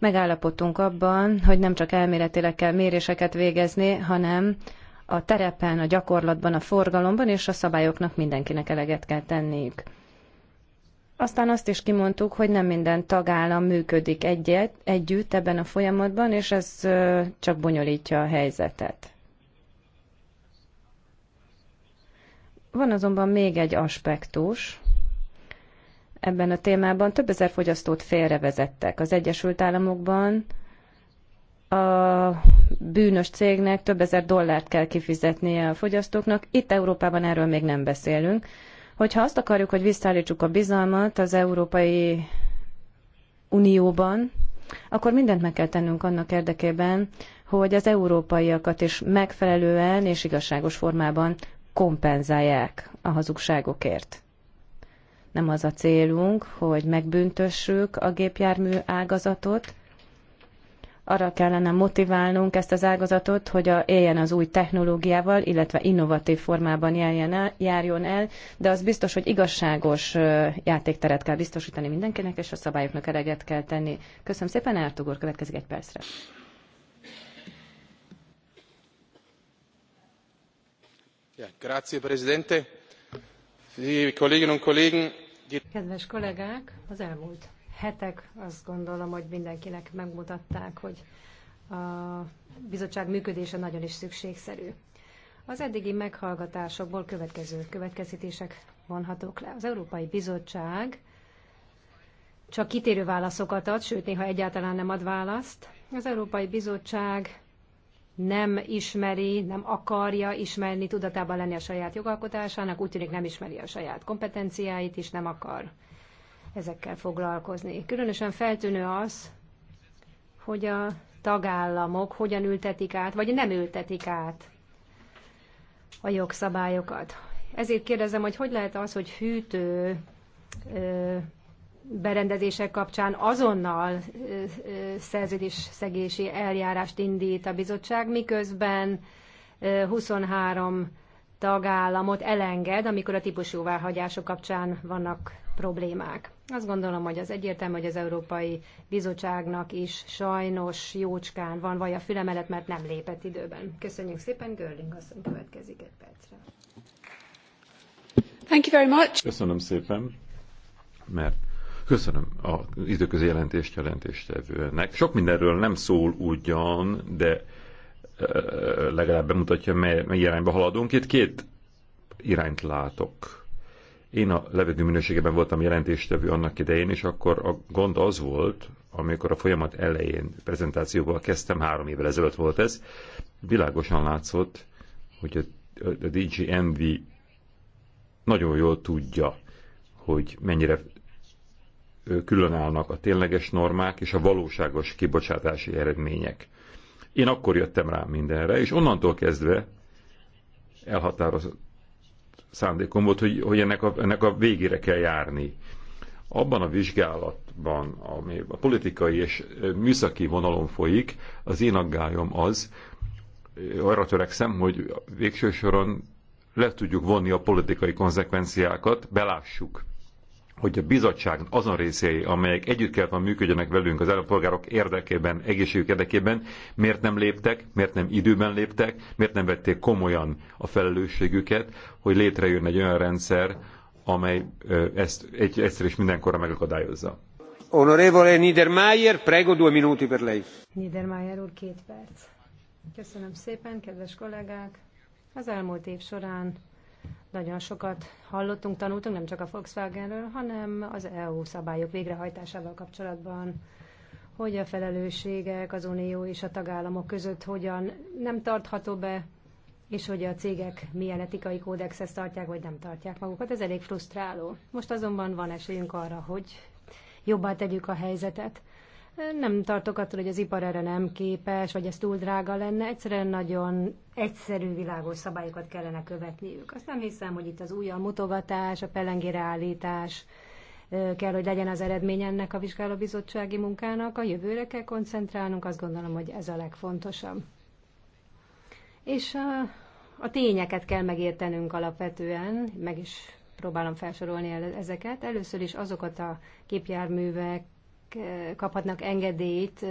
Megállapodtunk abban, hogy nem csak elméletileg kell méréseket végezni, hanem a terepen, a gyakorlatban, a forgalomban és a szabályoknak mindenkinek eleget kell tenniük. Aztán azt is kimondtuk, hogy nem minden tagállam működik egyet, együtt ebben a folyamatban, és ez csak bonyolítja a helyzetet. Van azonban még egy aspektus, ebben a témában. Több ezer fogyasztót félrevezettek. Az Egyesült Államokban a bűnös cégnek több ezer dollárt kell kifizetnie a fogyasztóknak. Itt Európában erről még nem beszélünk. Hogyha azt akarjuk, hogy visszaállítsuk a bizalmat az Európai Unióban, akkor mindent meg kell tennünk annak érdekében, hogy az európaiakat is megfelelően és igazságos formában kompenzálják a hazugságokért. Nem az a célunk, hogy megbüntössük a gépjármű ágazatot, arra kellene motiválnunk ezt az ágazatot, hogy a, éljen az új technológiával, illetve innovatív formában járjon el, járjon el, de az biztos, hogy igazságos játékteret kell biztosítani mindenkinek, és a szabályoknak eleget kell tenni. Köszönöm szépen, Ártugor, következik egy percre. Ja, grazie, Presidente. Liebe Kolleginnen und Kollegen, Kedves kollégák, az elmúlt hetek azt gondolom, hogy mindenkinek megmutatták, hogy a bizottság működése nagyon is szükségszerű. Az eddigi meghallgatásokból következő következtetések vonhatók le. Az Európai Bizottság csak kitérő válaszokat ad, sőt néha egyáltalán nem ad választ. Az Európai Bizottság nem ismeri, nem akarja ismerni, tudatában lenni a saját jogalkotásának, úgy tűnik nem ismeri a saját kompetenciáit is, nem akar ezekkel foglalkozni. Különösen feltűnő az, hogy a tagállamok hogyan ültetik át, vagy nem ültetik át a jogszabályokat. Ezért kérdezem, hogy hogy lehet az, hogy hűtő berendezések kapcsán azonnal szerződés szegési eljárást indít a bizottság, miközben 23 tagállamot elenged, amikor a típusjóváhagyások kapcsán vannak problémák. Azt gondolom, hogy az egyértelmű, hogy az Európai Bizottságnak is sajnos jócskán van vaj a füle mellett, mert nem lépett időben. Köszönjük szépen, Görling asszony következik egy percre. Thank you very much. Köszönöm szépen, mert Köszönöm a időközi jelentést jelentéstevőnek. Sok mindenről nem szól ugyan, de legalább bemutatja, mely, mely irányba haladunk. Itt két irányt látok. Én a levegő minőségében voltam jelentéstevő annak idején, és akkor a gond az volt, amikor a folyamat elején prezentációval kezdtem, három évvel ezelőtt volt ez, világosan látszott, hogy a, a DG nagyon jól tudja, hogy mennyire különállnak a tényleges normák és a valóságos kibocsátási eredmények. Én akkor jöttem rá mindenre, és onnantól kezdve elhatározott szándékom volt, hogy, hogy ennek, a, ennek a végére kell járni. Abban a vizsgálatban, ami a politikai és műszaki vonalon folyik, az én aggályom az, arra törekszem, hogy végső soron le tudjuk vonni a politikai konzekvenciákat, belássuk hogy a bizottság azon részei, amelyek együtt kell van működjenek velünk az állampolgárok érdekében, egészségük érdekében, miért nem léptek, miért nem időben léptek, miért nem vették komolyan a felelősségüket, hogy létrejön egy olyan rendszer, amely ezt egy, egyszer és mindenkorra megakadályozza. Honorevole Niedermayer, prego due minuti per lei. Niedermayer úr, két perc. Köszönöm szépen, kedves kollégák! Az elmúlt év során nagyon sokat hallottunk, tanultunk, nem csak a Volkswagenről, hanem az EU szabályok végrehajtásával kapcsolatban, hogy a felelősségek az Unió és a tagállamok között hogyan nem tartható be, és hogy a cégek milyen etikai kódexhez tartják, vagy nem tartják magukat. Ez elég frusztráló. Most azonban van esélyünk arra, hogy jobbá tegyük a helyzetet, nem tartok attól, hogy az ipar erre nem képes, vagy ez túl drága lenne. Egyszerűen nagyon egyszerű, világos szabályokat kellene követniük. Azt nem hiszem, hogy itt az új a mutogatás, a pelengére állítás kell, hogy legyen az eredmény ennek a vizsgálóbizottsági munkának. A jövőre kell koncentrálnunk, azt gondolom, hogy ez a legfontosabb. És a, a tényeket kell megértenünk alapvetően, meg is próbálom felsorolni ezeket. Először is azokat a képjárművek, kaphatnak engedélyt,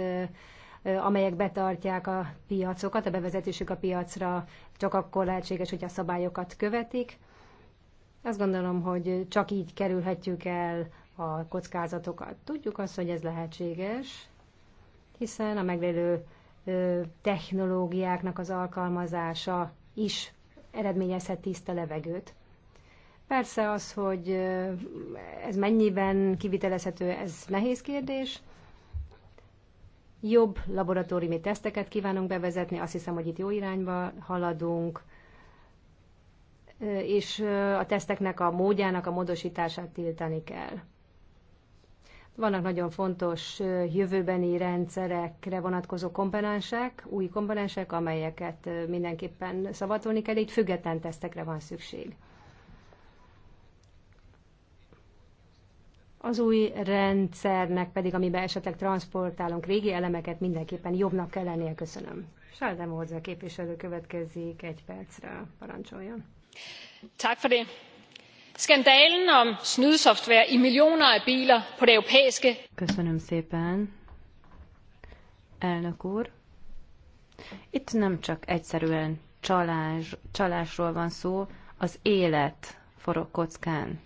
amelyek betartják a piacokat, a bevezetésük a piacra csak akkor lehetséges, hogy a szabályokat követik. Azt gondolom, hogy csak így kerülhetjük el a kockázatokat. Tudjuk azt, hogy ez lehetséges, hiszen a meglévő technológiáknak az alkalmazása is eredményezhet tiszta levegőt. Persze az, hogy ez mennyiben kivitelezhető, ez nehéz kérdés. Jobb laboratóriumi teszteket kívánunk bevezetni, azt hiszem, hogy itt jó irányba haladunk, és a teszteknek a módjának a módosítását tiltani kell. Vannak nagyon fontos jövőbeni rendszerekre vonatkozó komponensek, új komponensek, amelyeket mindenképpen szavatolni kell, így független tesztekre van szükség. Az új rendszernek pedig, amiben esetleg transportálunk régi elemeket, mindenképpen jobbnak kell lennie. Köszönöm. Sáldem Morza képviselő következik egy percre. Parancsoljon. Tak for det. Skandalen om snydesoftware i millioner af biler på det europæiske... Köszönöm szépen, elnök úr. Itt nem csak egyszerűen csalás, csalásról van szó, az élet forog kockán.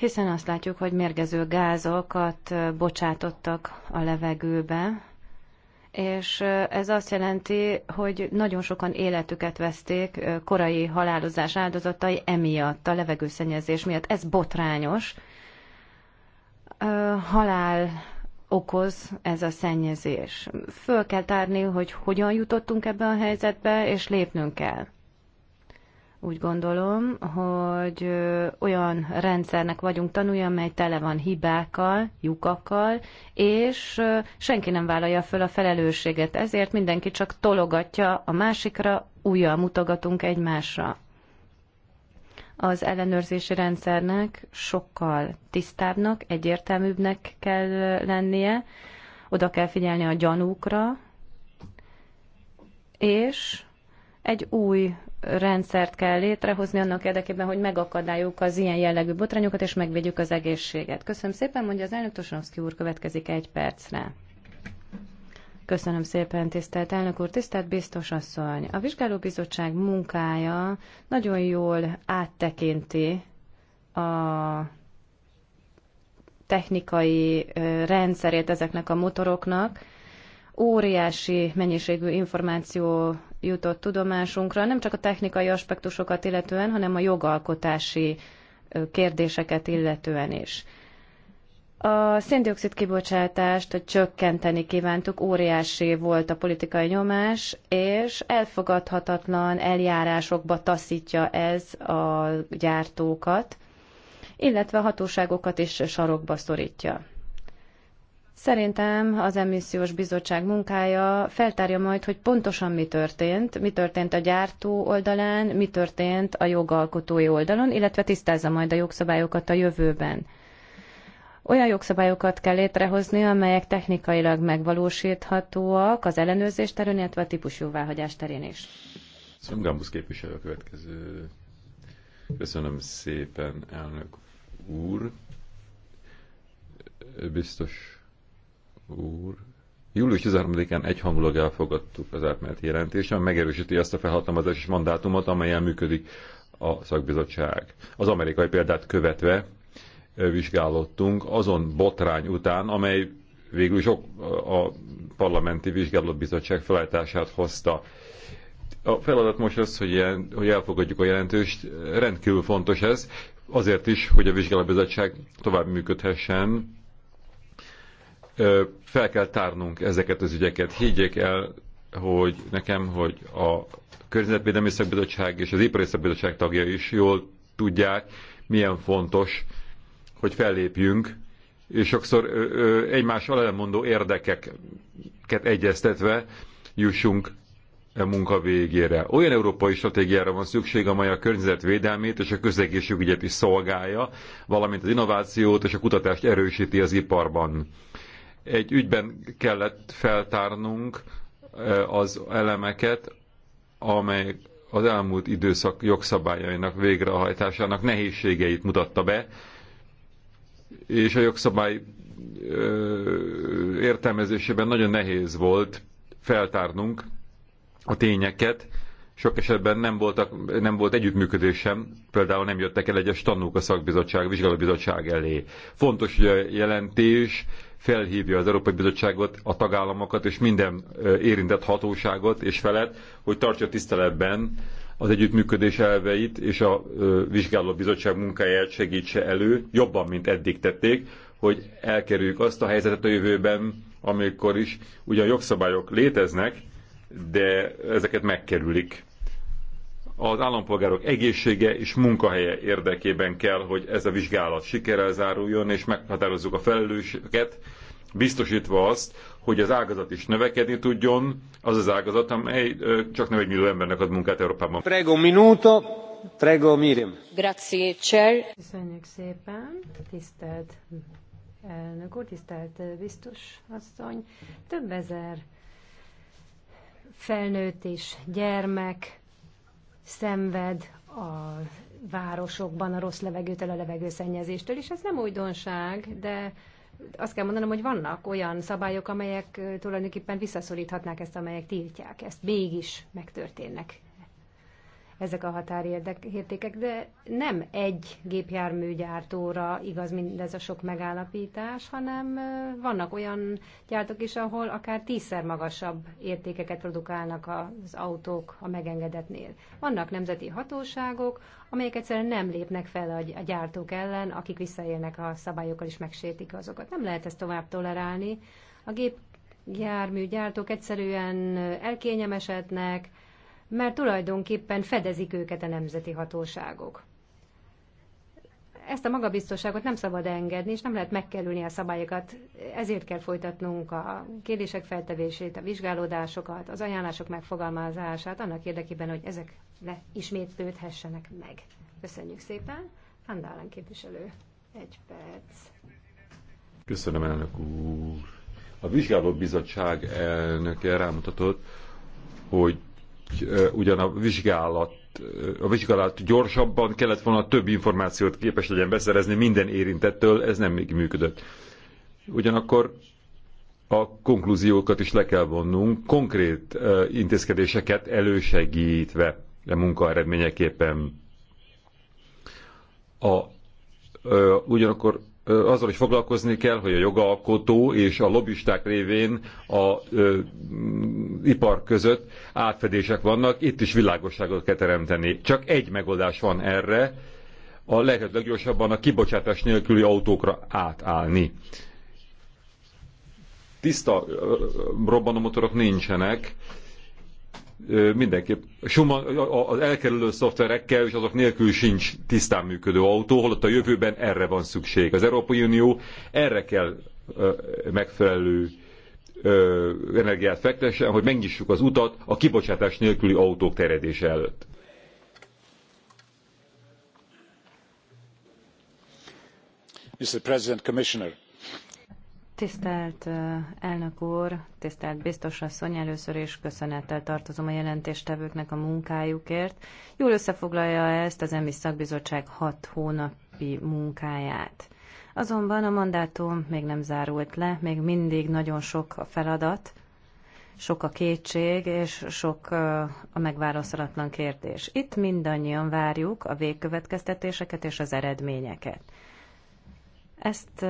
hiszen azt látjuk, hogy mérgező gázokat bocsátottak a levegőbe, és ez azt jelenti, hogy nagyon sokan életüket veszték korai halálozás áldozatai emiatt, a levegőszennyezés miatt. Ez botrányos. Halál okoz ez a szennyezés. Föl kell tárni, hogy hogyan jutottunk ebbe a helyzetbe, és lépnünk kell. Úgy gondolom, hogy olyan rendszernek vagyunk tanulja, amely tele van hibákkal, lyukakkal, és senki nem vállalja föl a felelősséget. Ezért mindenki csak tologatja a másikra, újjal mutogatunk egymásra az ellenőrzési rendszernek sokkal tisztábbnak, egyértelműbbnek kell lennie, oda kell figyelni a gyanúkra, és egy új rendszert kell létrehozni annak érdekében, hogy megakadályuk az ilyen jellegű botrányokat, és megvédjük az egészséget. Köszönöm szépen, mondja az elnök Tosonszki úr, következik egy percre. Köszönöm szépen, tisztelt elnök úr, tisztelt biztos asszony. A vizsgálóbizottság munkája nagyon jól áttekinti a technikai rendszerét ezeknek a motoroknak. Óriási mennyiségű információ jutott tudomásunkra, nem csak a technikai aspektusokat illetően, hanem a jogalkotási kérdéseket illetően is. A széndiokszid kibocsátást csökkenteni kívántuk, óriási volt a politikai nyomás, és elfogadhatatlan eljárásokba taszítja ez a gyártókat, illetve a hatóságokat is sarokba szorítja. Szerintem az emissziós bizottság munkája feltárja majd, hogy pontosan mi történt, mi történt a gyártó oldalán, mi történt a jogalkotói oldalon, illetve tisztázza majd a jogszabályokat a jövőben. Olyan jogszabályokat kell létrehozni, amelyek technikailag megvalósíthatóak az ellenőrzés terén, illetve a típusjóváhagyás terén is. Szöngambusz képviselő a következő. Köszönöm szépen, elnök úr. Biztos úr. Július 13-án egyhangulag elfogadtuk az átmeneti jelentést, ami megerősíti azt a és mandátumot, amelyen működik a szakbizottság. Az amerikai példát követve vizsgálottunk azon botrány után, amely végül is a parlamenti vizsgálóbizottság felállítását hozta. A feladat most az, hogy, ilyen, hogy elfogadjuk a jelentést. rendkívül fontos ez, azért is, hogy a vizsgálóbizottság tovább működhessen, fel kell tárnunk ezeket az ügyeket. Higgyék el, hogy nekem, hogy a Környezetvédelmi Szakbizottság és az Ipari Szakbizottság tagja is jól tudják, milyen fontos, hogy fellépjünk, és sokszor egymás alelmondó érdekeket egyeztetve jussunk a e munka végére. Olyan európai stratégiára van szükség, amely a környezetvédelmét és a közegészségügyet is szolgálja, valamint az innovációt és a kutatást erősíti az iparban egy ügyben kellett feltárnunk e, az elemeket, amely az elmúlt időszak jogszabályainak végrehajtásának nehézségeit mutatta be, és a jogszabály e, értelmezésében nagyon nehéz volt feltárnunk a tényeket, sok esetben nem, voltak, nem volt együttműködés sem, például nem jöttek el egyes tanúk a szakbizottság, a vizsgálóbizottság elé. Fontos, hogy a jelentés felhívja az Európai Bizottságot, a tagállamokat és minden érintett hatóságot és felet, hogy tartsa tiszteletben az együttműködés elveit és a bizottság munkáját segítse elő, jobban, mint eddig tették, hogy elkerüljük azt a helyzetet a jövőben, amikor is ugyan jogszabályok léteznek, de ezeket megkerülik az állampolgárok egészsége és munkahelye érdekében kell, hogy ez a vizsgálat sikerrel záruljon, és meghatározzuk a felelősséget, biztosítva azt, hogy az ágazat is növekedni tudjon, az az ágazat, amely csak nem egy millió embernek ad munkát Európában. Prego minuto, prego mirim. Grazie, chair. Köszönjük szépen, tisztelt elnök úr, tisztelt biztos asszony. Több ezer felnőtt és gyermek szenved a városokban a rossz levegőtől, a levegőszennyezéstől, és ez nem újdonság, de azt kell mondanom, hogy vannak olyan szabályok, amelyek tulajdonképpen visszaszoríthatnák ezt, amelyek tiltják. Ezt mégis megtörténnek ezek a határértékek, de nem egy gépjárműgyártóra igaz mindez a sok megállapítás, hanem vannak olyan gyártók is, ahol akár tízszer magasabb értékeket produkálnak az autók a megengedetnél. Vannak nemzeti hatóságok, amelyek egyszerűen nem lépnek fel a gyártók ellen, akik visszaélnek a szabályokkal és megsértik azokat. Nem lehet ezt tovább tolerálni. A gép egyszerűen elkényemesednek, mert tulajdonképpen fedezik őket a nemzeti hatóságok. Ezt a magabiztosságot nem szabad engedni, és nem lehet megkerülni a szabályokat, ezért kell folytatnunk a kérdések feltevését, a vizsgálódásokat, az ajánlások megfogalmazását, annak érdekében, hogy ezek ne ismétlődhessenek meg. Köszönjük szépen. Handálen képviselő, egy perc. Köszönöm, elnök úr. A vizsgálóbizottság elnöke rámutatott, hogy ugyan a vizsgálat a vizsgálat gyorsabban kellett volna több információt képes legyen beszerezni minden érintettől, ez nem még működött. Ugyanakkor a konklúziókat is le kell vonnunk, konkrét intézkedéseket elősegítve a e munka eredményeképpen. A, ugyanakkor azzal is foglalkozni kell, hogy a jogalkotó és a lobbisták révén a ö, ipar között átfedések vannak, itt is világosságot kell teremteni. Csak egy megoldás van erre, a lehető leggyorsabban a kibocsátás nélküli autókra átállni. Tiszta robbanómotorok nincsenek, mindenképp Schumann, az elkerülő szoftverekkel és azok nélkül sincs tisztán működő autó, holott a jövőben erre van szükség. Az Európai Unió erre kell megfelelő energiát fektessen, hogy megnyissuk az utat a kibocsátás nélküli autók teredése előtt. Mr. President, Commissioner. Tisztelt elnök úr, tisztelt biztos asszony, először is köszönettel tartozom a jelentéstevőknek a munkájukért. Jól összefoglalja ezt az EMI szakbizottság hat hónapi munkáját. Azonban a mandátum még nem zárult le, még mindig nagyon sok a feladat, sok a kétség, és sok a megválaszolatlan kérdés. Itt mindannyian várjuk a végkövetkeztetéseket és az eredményeket. Ezt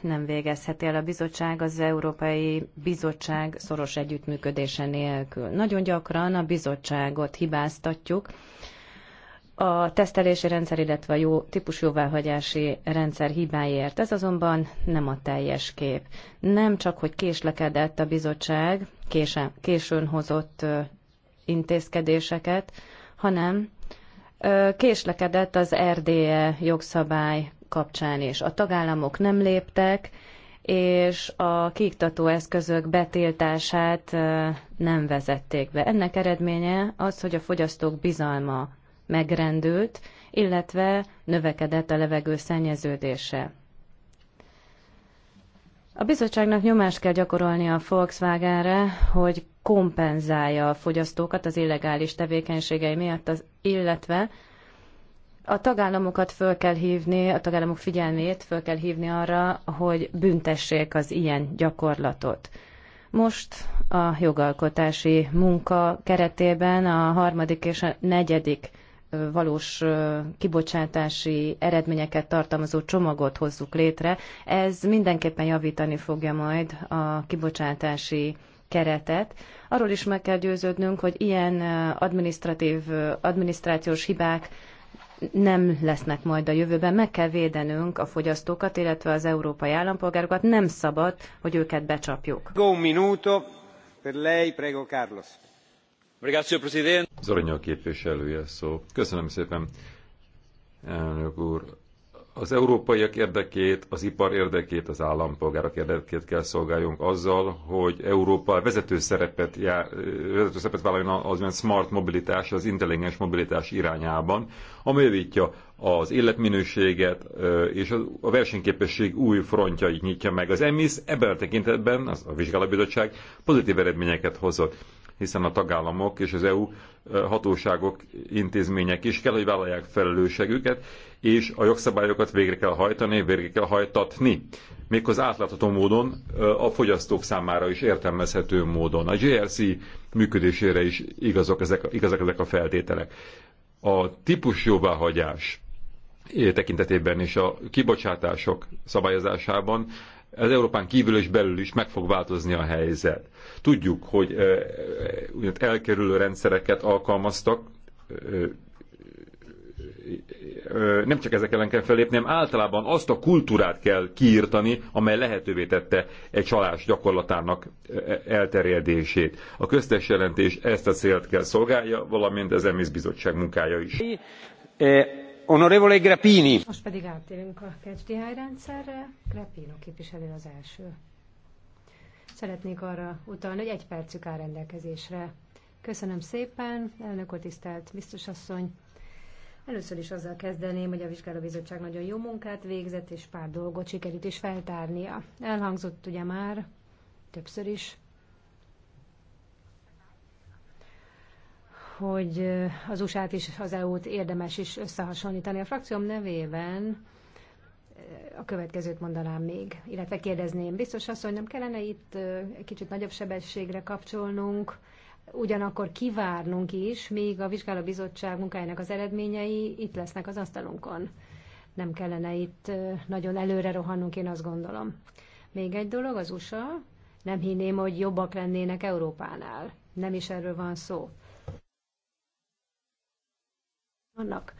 nem végezheti el a bizottság az Európai Bizottság szoros együttműködése nélkül. Nagyon gyakran a bizottságot hibáztatjuk, a tesztelési rendszer, illetve a jó jóváhagyási rendszer hibáért. Ez azonban nem a teljes kép. Nem csak, hogy késlekedett a bizottság, későn, későn hozott intézkedéseket, hanem késlekedett az RDE jogszabály kapcsán is. A tagállamok nem léptek, és a kiiktató eszközök betiltását nem vezették be. Ennek eredménye az, hogy a fogyasztók bizalma megrendült, illetve növekedett a levegő szennyeződése. A bizottságnak nyomást kell gyakorolnia a Volkswagenre, hogy kompenzálja a fogyasztókat az illegális tevékenységei miatt, az, illetve a tagállamokat föl kell hívni, a tagállamok figyelmét föl kell hívni arra, hogy büntessék az ilyen gyakorlatot. Most a jogalkotási munka keretében a harmadik és a negyedik valós kibocsátási eredményeket tartalmazó csomagot hozzuk létre. Ez mindenképpen javítani fogja majd a kibocsátási keretet. Arról is meg kell győződnünk, hogy ilyen administratív, adminisztrációs hibák nem lesznek majd a jövőben. Meg kell védenünk a fogyasztókat, illetve az európai állampolgárokat. Nem szabad, hogy őket becsapjuk. Go minuto per lei, prego Carlos. Grazie, Presidente. Zoronyol képviselője szó. Köszönöm szépen, elnök úr az európaiak érdekét, az ipar érdekét, az állampolgárok érdekét kell szolgáljunk azzal, hogy Európa vezető szerepet, jár, vezető szerepet vállaljon az olyan smart mobilitás, az intelligens mobilitás irányában, ami javítja az életminőséget és a versenyképesség új frontjait nyitja meg. Az EMIS ebben a tekintetben, az a vizsgálóbizottság pozitív eredményeket hozott hiszen a tagállamok és az EU hatóságok, intézmények is kell, hogy vállalják felelősségüket, és a jogszabályokat végre kell hajtani, végre kell hajtatni. Méghoz átlátható módon, a fogyasztók számára is értelmezhető módon. A GRC működésére is igazak ezek, igazak ezek a feltételek. A típus jóváhagyás eh, tekintetében és a kibocsátások szabályozásában az Európán kívül és belül is meg fog változni a helyzet. Tudjuk, hogy elkerülő rendszereket alkalmaztak, nem csak ezek ellen kell felépni, hanem általában azt a kultúrát kell kiírtani, amely lehetővé tette egy csalás gyakorlatának elterjedését. A köztes jelentés ezt a célt kell szolgálja, valamint az EMISZ bizottság munkája is. Honorevole eh, Grappini. Most pedig áttérünk a KSDI rendszerre. Grappino képviselő az első. Szeretnék arra utalni, hogy egy percük áll rendelkezésre. Köszönöm szépen, elnök úr, tisztelt biztos asszony. Először is azzal kezdeném, hogy a vizsgálóbizottság nagyon jó munkát végzett, és pár dolgot sikerült is feltárnia. Elhangzott ugye már többször is, hogy az USA-t és az EU-t érdemes is összehasonlítani. A frakcióm nevében a következőt mondanám még, illetve kérdezném. Biztos azt, hogy nem kellene itt egy kicsit nagyobb sebességre kapcsolnunk, ugyanakkor kivárnunk is, míg a vizsgálóbizottság munkájának az eredményei itt lesznek az asztalunkon. Nem kellene itt nagyon előre rohannunk, én azt gondolom. Még egy dolog, az USA, nem hinném, hogy jobbak lennének Európánál. Nem is erről van szó. Vannak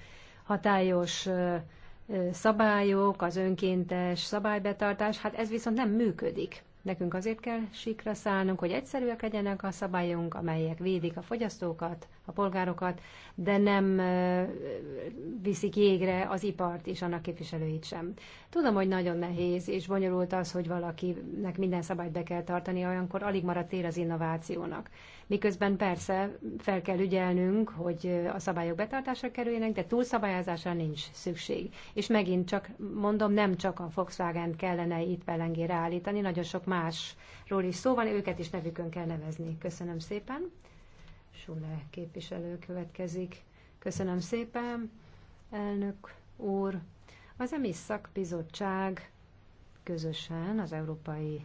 hatályos szabályok, az önkéntes szabálybetartás, hát ez viszont nem működik. Nekünk azért kell sikra szállnunk, hogy egyszerűek legyenek a szabályunk, amelyek védik a fogyasztókat, a polgárokat, de nem viszik jégre az ipart és annak képviselőit sem. Tudom, hogy nagyon nehéz és bonyolult az, hogy valakinek minden szabályt be kell tartani, olyankor alig maradt tér az innovációnak. Miközben persze fel kell ügyelnünk, hogy a szabályok betartásra kerüljenek, de túlszabályozásra nincs szükség. És megint csak mondom, nem csak a Volkswagen kellene itt belengére állítani, nagyon sok másról is szó van, őket is nevükön kell nevezni. Köszönöm szépen. Sule képviselő következik. Köszönöm szépen, elnök úr. Az EMI szakbizottság közösen az Európai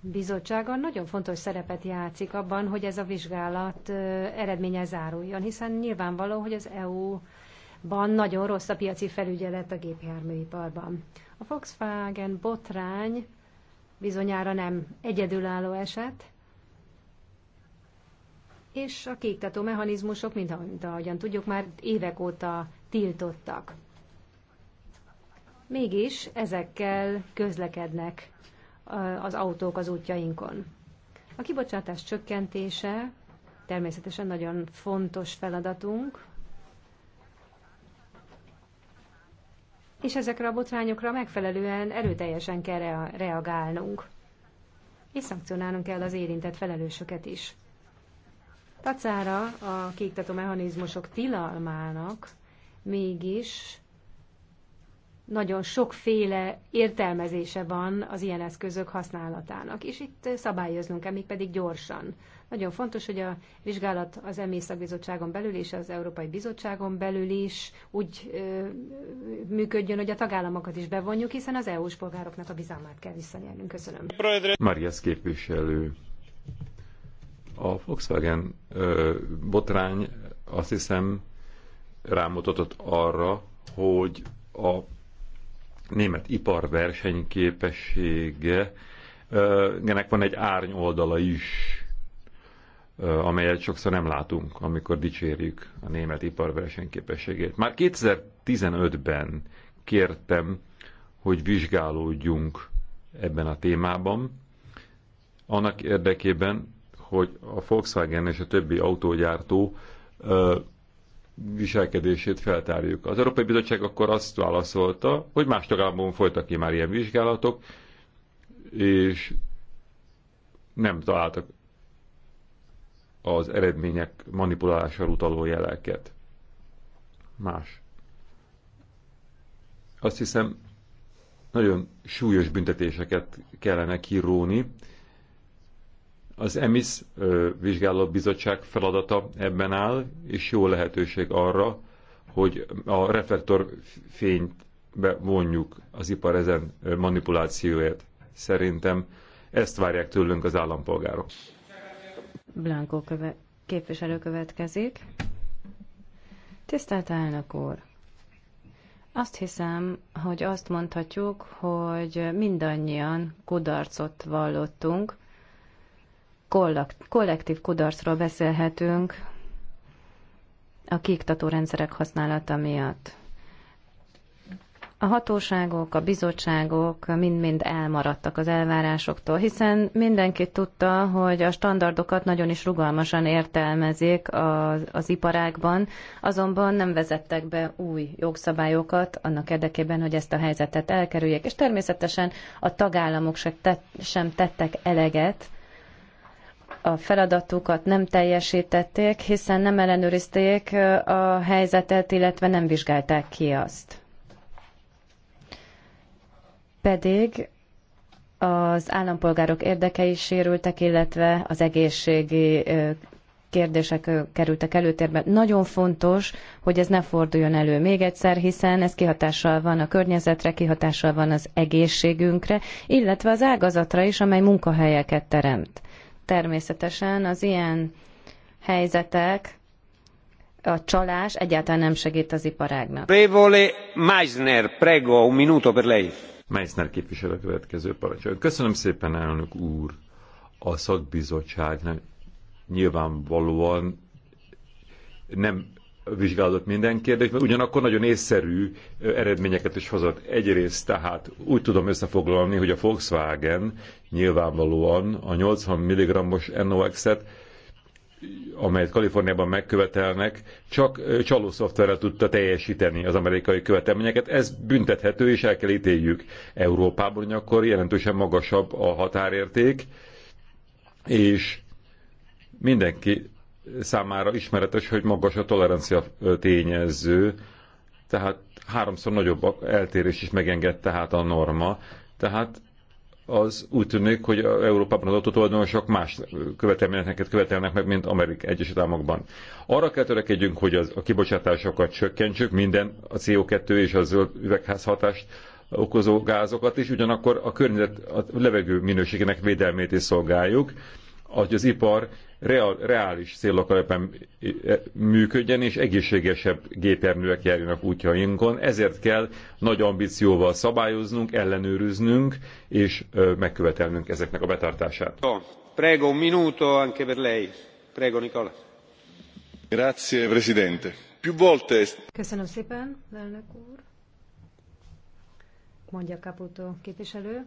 Bizottsága nagyon fontos szerepet játszik abban, hogy ez a vizsgálat eredménye záruljon, hiszen nyilvánvaló, hogy az EU ban nagyon rossz a piaci felügyelet a gépjárműiparban. A Volkswagen botrány bizonyára nem egyedülálló eset, és a kiiktató mechanizmusok, mint ahogyan tudjuk, már évek óta tiltottak. Mégis ezekkel közlekednek az autók az útjainkon. A kibocsátás csökkentése természetesen nagyon fontos feladatunk, és ezekre a botrányokra megfelelően erőteljesen kell reagálnunk, és szankcionálnunk kell az érintett felelősöket is. Tacára a kiiktató mechanizmusok tilalmának mégis nagyon sokféle értelmezése van az ilyen eszközök használatának, és itt szabályoznunk kell, pedig gyorsan. Nagyon fontos, hogy a vizsgálat az EMI szakbizottságon belül és az Európai Bizottságon belül is úgy ö, működjön, hogy a tagállamokat is bevonjuk, hiszen az EU-s polgároknak a bizalmát kell visszanyernünk. Köszönöm. Marias képviselő. A Volkswagen ö, botrány azt hiszem rámutatott arra, hogy a német ipar versenyképessége ennek van egy árny oldala is, amelyet sokszor nem látunk, amikor dicsérjük a német ipar versenyképességét. Már 2015-ben kértem, hogy vizsgálódjunk ebben a témában, annak érdekében, hogy a Volkswagen és a többi autógyártó viselkedését feltárjuk. Az Európai Bizottság akkor azt válaszolta, hogy más tagállamban folytak ki már ilyen vizsgálatok, és nem találtak az eredmények manipulálással utaló jeleket. Más. Azt hiszem, nagyon súlyos büntetéseket kellene kiróni az EMIS vizsgálóbizottság feladata ebben áll, és jó lehetőség arra, hogy a reflektorfényt bevonjuk az ipar ezen manipulációját. Szerintem ezt várják tőlünk az állampolgárok. Blanco köve- képviselő következik. Tisztelt elnök úr! Azt hiszem, hogy azt mondhatjuk, hogy mindannyian kudarcot vallottunk, kollektív kudarcról beszélhetünk a kiiktató rendszerek használata miatt. A hatóságok, a bizottságok mind-mind elmaradtak az elvárásoktól, hiszen mindenki tudta, hogy a standardokat nagyon is rugalmasan értelmezik az, az iparákban, azonban nem vezettek be új jogszabályokat annak érdekében, hogy ezt a helyzetet elkerüljék. És természetesen a tagállamok sem tettek eleget a feladatukat nem teljesítették, hiszen nem ellenőrizték a helyzetet, illetve nem vizsgálták ki azt. Pedig az állampolgárok érdekei sérültek, illetve az egészségi kérdések kerültek előtérbe. Nagyon fontos, hogy ez ne forduljon elő még egyszer, hiszen ez kihatással van a környezetre, kihatással van az egészségünkre, illetve az ágazatra is, amely munkahelyeket teremt természetesen az ilyen helyzetek, a csalás egyáltalán nem segít az iparágnak. Prévole Meisner, prego, un minuto per lei. Meisner képviselő következő parancsolja. Köszönöm szépen, elnök úr, a szakbizottságnak nyilvánvalóan nem vizsgálódott minden kérdés, mert ugyanakkor nagyon észszerű eredményeket is hozott. Egyrészt tehát úgy tudom összefoglalni, hogy a Volkswagen nyilvánvalóan a 80 mg-os NOx-et, amelyet Kaliforniában megkövetelnek, csak csaló szoftverrel tudta teljesíteni az amerikai követelményeket. Ez büntethető, és el kell ítéljük. Európában akkor jelentősen magasabb a határérték, és mindenki számára ismeretes, hogy magas a tolerancia tényező, tehát háromszor nagyobb eltérés is megenged tehát a norma. Tehát az úgy tűnik, hogy Európában az autótulajdonosok más követelményeket követelnek meg, mint Amerik Egyesült Államokban. Arra kell törekedjünk, hogy az, a kibocsátásokat csökkentsük, minden a CO2 és a zöld üvegházhatást okozó gázokat is, ugyanakkor a környezet, a levegő minőségének védelmét is szolgáljuk, hogy az ipar real, reális célok alapján e, működjen, és egészségesebb gépjárműek járjanak útjainkon. Ezért kell nagy ambícióval szabályoznunk, ellenőriznünk, és megkövetelnünk ezeknek a betartását. Oh, prego, un minuto anche per lei. Prego, Nicola. Grazie, Presidente. Più volte... Köszönöm szépen, elnök úr. Mondja Caputo képviselő.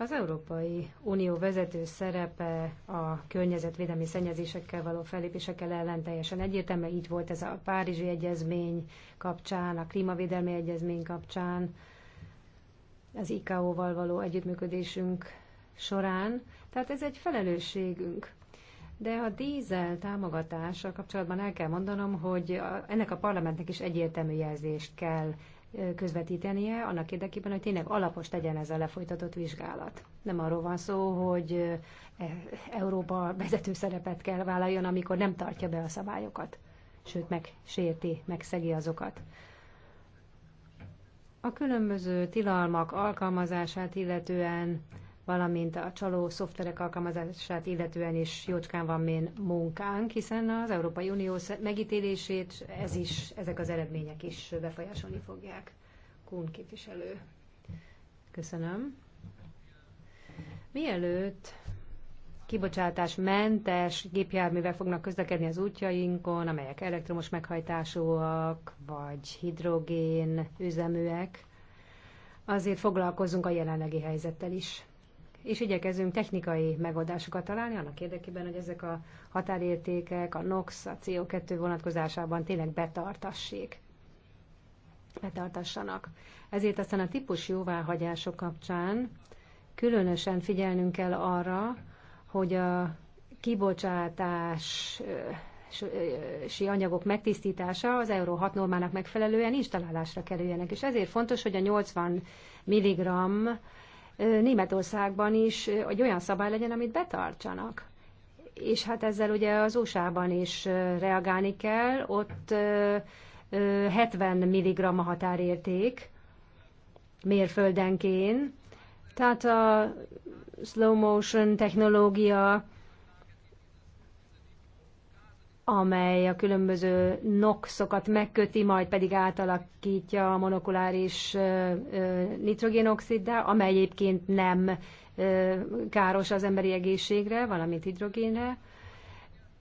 Az Európai Unió vezető szerepe a környezetvédelmi szennyezésekkel való fellépésekkel ellen teljesen egyértelmű, így volt ez a Párizsi Egyezmény kapcsán, a Klímavédelmi Egyezmény kapcsán, az ICAO-val való együttműködésünk során. Tehát ez egy felelősségünk. De a dízel támogatással kapcsolatban el kell mondanom, hogy ennek a parlamentnek is egyértelmű jelzést kell közvetítenie, annak érdekében, hogy tényleg alapos tegyen ez a lefolytatott vizsgálat. Nem arról van szó, hogy e, Európa vezető szerepet kell vállaljon, amikor nem tartja be a szabályokat, sőt, megsérti, megszegi azokat. A különböző tilalmak alkalmazását illetően valamint a csaló szoftverek alkalmazását illetően is jócskán van még munkánk, hiszen az Európai Unió megítélését ez is, ezek az eredmények is befolyásolni fogják. Kun képviselő. Köszönöm. Mielőtt kibocsátás mentes gépjárművek fognak közlekedni az útjainkon, amelyek elektromos meghajtásúak, vagy hidrogén üzeműek, azért foglalkozunk a jelenlegi helyzettel is és igyekezünk technikai megoldásokat találni annak érdekében, hogy ezek a határértékek, a NOx, a CO2 vonatkozásában tényleg betartassék betartassanak. Ezért aztán a típus jóváhagyások kapcsán különösen figyelnünk kell arra, hogy a kibocsátási anyagok megtisztítása az Euró 6 normának megfelelően installálásra kerüljenek. És ezért fontos, hogy a 80 mg Németországban is hogy olyan szabály legyen, amit betartsanak. És hát ezzel ugye az USA-ban is reagálni kell, ott 70 mg a határérték mérföldenként, tehát a slow motion technológia amely a különböző noxokat megköti, majd pedig átalakítja a monokuláris nitrogénoxiddá, amely egyébként nem káros az emberi egészségre, valamint hidrogénre.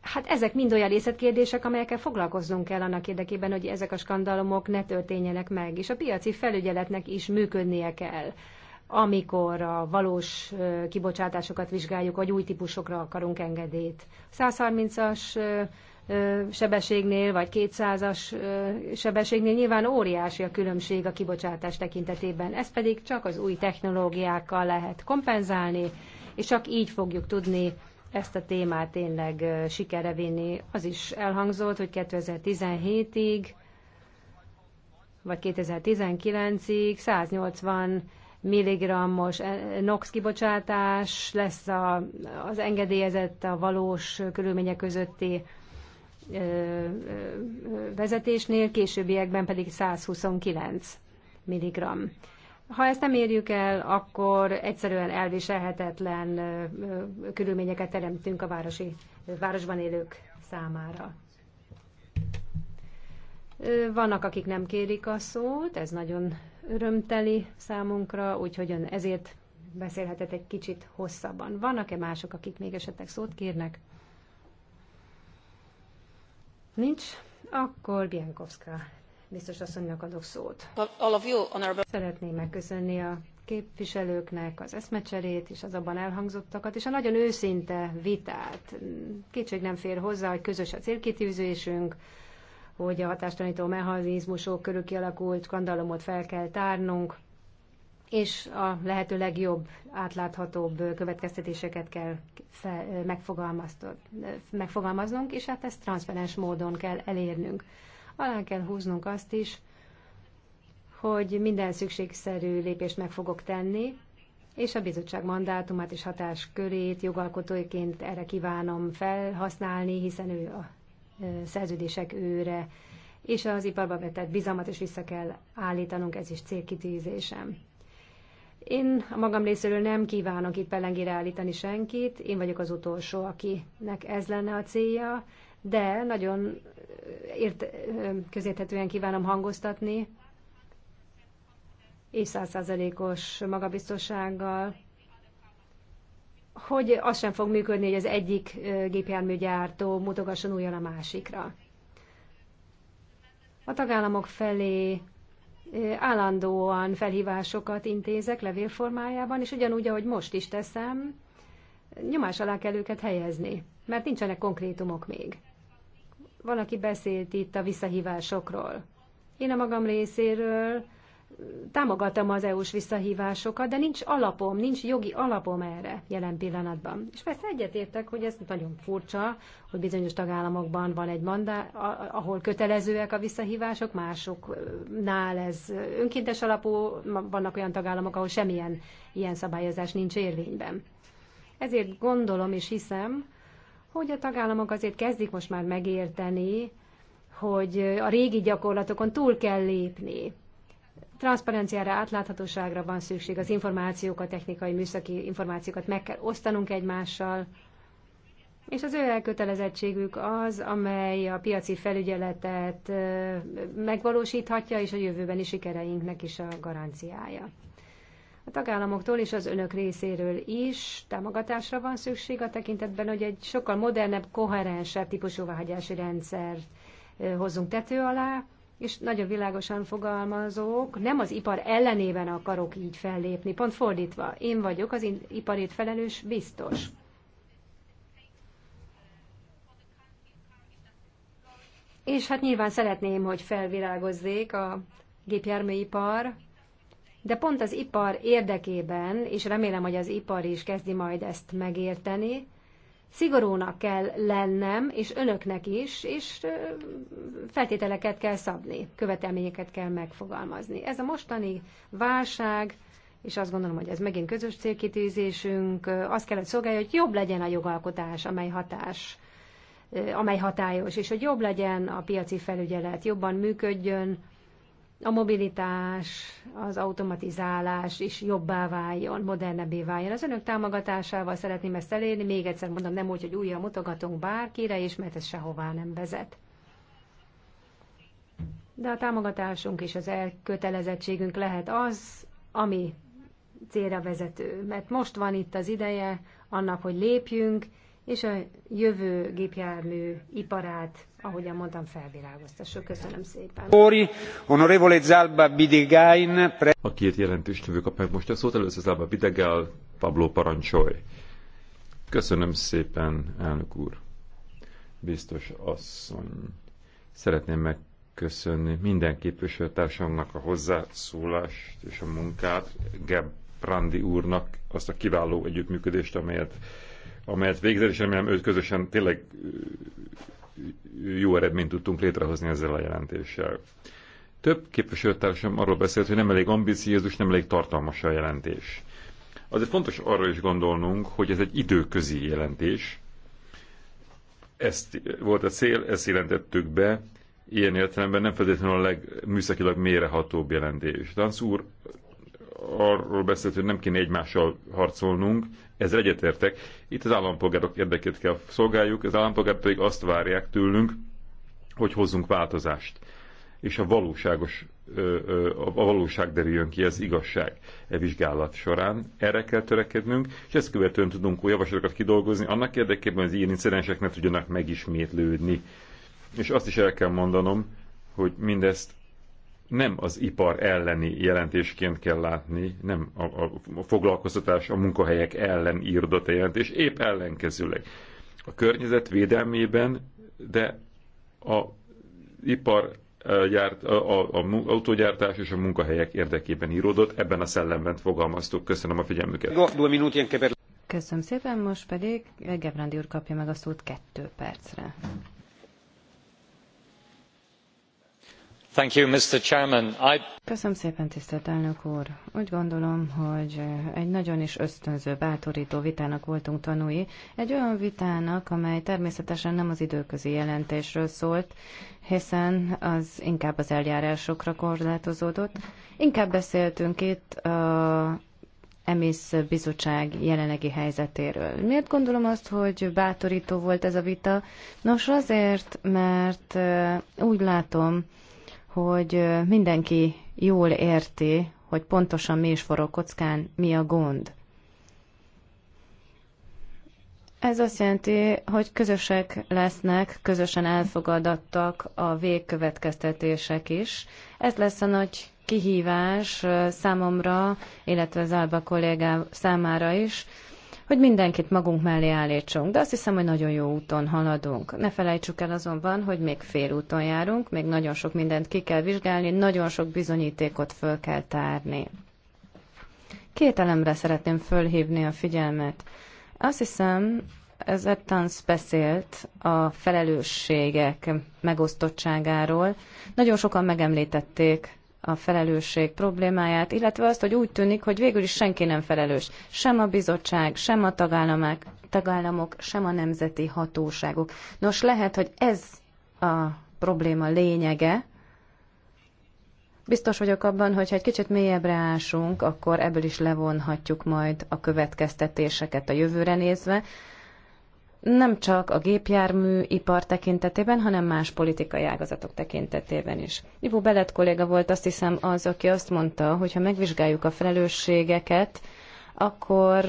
Hát ezek mind olyan részletkérdések, amelyekkel foglalkoznunk kell annak érdekében, hogy ezek a skandalomok ne történjenek meg, és a piaci felügyeletnek is működnie kell amikor a valós kibocsátásokat vizsgáljuk, vagy új típusokra akarunk engedélyt. 130-as sebességnél, vagy 200-as sebességnél nyilván óriási a különbség a kibocsátás tekintetében. Ez pedig csak az új technológiákkal lehet kompenzálni, és csak így fogjuk tudni ezt a témát tényleg sikere vinni. Az is elhangzott, hogy 2017-ig vagy 2019-ig 180 milligrammos eh, NOx kibocsátás lesz a, az engedélyezett a valós körülmények közötti vezetésnél, későbbiekben pedig 129 mg. Ha ezt nem érjük el, akkor egyszerűen elviselhetetlen körülményeket teremtünk a városi, városban élők számára. Vannak, akik nem kérik a szót, ez nagyon örömteli számunkra, úgyhogy ön ezért beszélhetett egy kicsit hosszabban. Vannak-e mások, akik még esetleg szót kérnek? Nincs? Akkor Biankovska biztos asszonynak adok szót. Szeretném megköszönni a képviselőknek az eszmecserét és az abban elhangzottakat, és a nagyon őszinte vitát. Kétség nem fér hozzá, hogy közös a célkitűzésünk, hogy a hatástanító mechanizmusok körül kialakult skandalomot fel kell tárnunk, és a lehető legjobb, átláthatóbb következtetéseket kell megfogalmaznunk, és hát ezt transzparens módon kell elérnünk. Alá kell húznunk azt is, hogy minden szükségszerű lépést meg fogok tenni, és a bizottság mandátumát és hatáskörét jogalkotóiként erre kívánom felhasználni, hiszen ő a szerződések őre, és az iparba vetett bizalmat is vissza kell állítanunk, ez is célkitűzésem. Én a magam részéről nem kívánok itt pellengére állítani senkit, én vagyok az utolsó, akinek ez lenne a célja, de nagyon ért, közérthetően kívánom hangoztatni, és százszázalékos magabiztossággal, hogy az sem fog működni, hogy az egyik gépjárműgyártó mutogasson újjal a másikra. A tagállamok felé állandóan felhívásokat intézek levélformájában, és ugyanúgy, ahogy most is teszem, nyomás alá kell őket helyezni, mert nincsenek konkrétumok még. Valaki beszélt itt a visszahívásokról. Én a magam részéről támogatom az EU-s visszahívásokat, de nincs alapom, nincs jogi alapom erre jelen pillanatban. És persze egyetértek, hogy ez nagyon furcsa, hogy bizonyos tagállamokban van egy mandá, ahol kötelezőek a visszahívások, másoknál ez önkéntes alapú, vannak olyan tagállamok, ahol semmilyen ilyen szabályozás nincs érvényben. Ezért gondolom és hiszem, hogy a tagállamok azért kezdik most már megérteni, hogy a régi gyakorlatokon túl kell lépni Transzparenciára, átláthatóságra van szükség, az információkat, technikai, műszaki információkat meg kell osztanunk egymással, és az ő elkötelezettségük az, amely a piaci felügyeletet megvalósíthatja, és a jövőbeni sikereinknek is a garanciája. A tagállamoktól és az önök részéről is támogatásra van szükség a tekintetben, hogy egy sokkal modernebb, koherensebb típusú vágyási rendszert hozzunk tető alá, és nagyon világosan fogalmazók, nem az ipar ellenében akarok így fellépni, pont fordítva. Én vagyok az iparét felelős biztos. És hát nyilván szeretném, hogy felvilágozzék a gépjárműipar, de pont az ipar érdekében, és remélem, hogy az ipar is kezdi majd ezt megérteni, Szigorúnak kell lennem, és önöknek is, és feltételeket kell szabni, követelményeket kell megfogalmazni. Ez a mostani válság, és azt gondolom, hogy ez megint közös célkitűzésünk, azt kell, hogy szolgálja, hogy jobb legyen a jogalkotás, amely hatás amely hatályos, és hogy jobb legyen a piaci felügyelet, jobban működjön, a mobilitás, az automatizálás is jobbá váljon, modernebbé váljon. Az önök támogatásával szeretném ezt elérni. Még egyszer mondom, nem úgy, hogy újra mutogatunk bárkire és mert ez sehová nem vezet. De a támogatásunk és az elkötelezettségünk lehet az, ami célra vezető. Mert most van itt az ideje annak, hogy lépjünk, és a jövő gépjármű iparát, ahogyan mondtam, felvilágoztassuk. Köszönöm szépen. Óri, honorevole Zalba Bidegain. Pre... A két jelentős növő meg most a szót, először Zalba Bidegál, Pablo Parancsoly. Köszönöm szépen, elnök úr. Biztos asszony. Szeretném köszönni minden képviselőtársamnak a hozzászólást és a munkát, Gebrandi úrnak azt a kiváló együttműködést, amelyet amelyet végzett, és remélem őt közösen tényleg jó eredményt tudtunk létrehozni ezzel a jelentéssel. Több képviselőtársam arról beszélt, hogy nem elég ambiciózus, nem elég tartalmas a jelentés. Azért fontos arra is gondolnunk, hogy ez egy időközi jelentés. Ezt volt a cél, ezt jelentettük be, ilyen értelemben nem feltétlenül a legműszakilag mérehatóbb jelentés. Dansz úr arról beszélt, hogy nem kéne egymással harcolnunk, ez egyetértek. Itt az állampolgárok érdekét kell szolgáljuk, az állampolgárok pedig azt várják tőlünk, hogy hozzunk változást. És a valóságos, a valóság derüljön ki, az igazság e vizsgálat során. Erre kell törekednünk, és ezt követően tudunk új javaslatokat kidolgozni, annak érdekében, hogy az ilyen incidensek ne tudjanak megismétlődni. És azt is el kell mondanom, hogy mindezt nem az ipar elleni jelentésként kell látni, nem a, a foglalkoztatás a munkahelyek ellen írdott a jelentés, épp ellenkezőleg. A környezet védelmében, de a ipar gyárt, a, a, a autógyártás és a munkahelyek érdekében íródott, ebben a szellemben fogalmaztuk. Köszönöm a figyelmüket. Köszönöm szépen, most pedig Gebrandi úr kapja meg a szót kettő percre. Köszönöm szépen, tisztelt elnök úr. Úgy gondolom, hogy egy nagyon is ösztönző, bátorító vitának voltunk tanúi. Egy olyan vitának, amely természetesen nem az időközi jelentésről szólt, hiszen az inkább az eljárásokra korlátozódott. Inkább beszéltünk itt a Emész bizottság jelenlegi helyzetéről. Miért gondolom azt, hogy bátorító volt ez a vita? Nos, azért, mert úgy látom, hogy mindenki jól érti, hogy pontosan mi is forog kockán, mi a gond. Ez azt jelenti, hogy közösek lesznek, közösen elfogadattak a végkövetkeztetések is. Ez lesz a nagy kihívás számomra, illetve Alba kollégám számára is, hogy mindenkit magunk mellé állítsunk. De azt hiszem, hogy nagyon jó úton haladunk. Ne felejtsük el azonban, hogy még fél úton járunk, még nagyon sok mindent ki kell vizsgálni, nagyon sok bizonyítékot föl kell tárni. Két elemre szeretném fölhívni a figyelmet. Azt hiszem, ez Tanz beszélt a felelősségek megosztottságáról. Nagyon sokan megemlítették a felelősség problémáját, illetve azt, hogy úgy tűnik, hogy végül is senki nem felelős. Sem a bizottság, sem a tagállamok, tagállamok sem a nemzeti hatóságok. Nos, lehet, hogy ez a probléma lényege. Biztos vagyok abban, hogy ha egy kicsit mélyebbre ásunk, akkor ebből is levonhatjuk majd a következtetéseket a jövőre nézve nem csak a gépjármű ipar tekintetében, hanem más politikai ágazatok tekintetében is. Ivo Belet kolléga volt azt hiszem az, aki azt mondta, hogy ha megvizsgáljuk a felelősségeket, akkor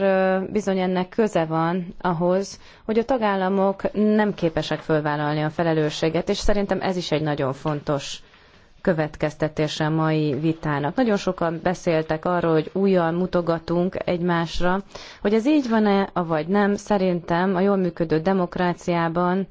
bizony ennek köze van ahhoz, hogy a tagállamok nem képesek fölvállalni a felelősséget, és szerintem ez is egy nagyon fontos következtetése a mai vitának. Nagyon sokan beszéltek arról, hogy újjal mutogatunk egymásra. Hogy ez így van-e, vagy nem, szerintem a jól működő demokráciában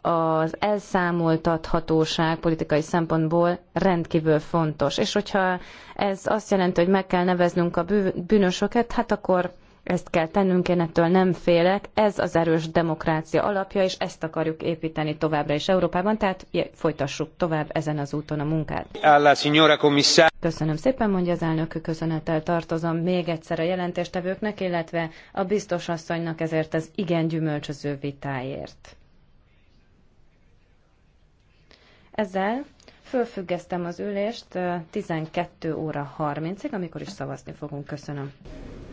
az elszámoltathatóság politikai szempontból rendkívül fontos. És hogyha ez azt jelenti, hogy meg kell neveznünk a bűnösöket, hát akkor ezt kell tennünk, én ettől nem félek. Ez az erős demokrácia alapja, és ezt akarjuk építeni továbbra is Európában, tehát folytassuk tovább ezen az úton a munkát. Köszönöm szépen, mondja az elnök, köszönettel tartozom még egyszer a jelentéstevőknek, illetve a biztos asszonynak ezért az igen gyümölcsöző vitáért. Ezzel fölfüggesztem az ülést 12 óra 30-ig, amikor is szavazni fogunk. Köszönöm.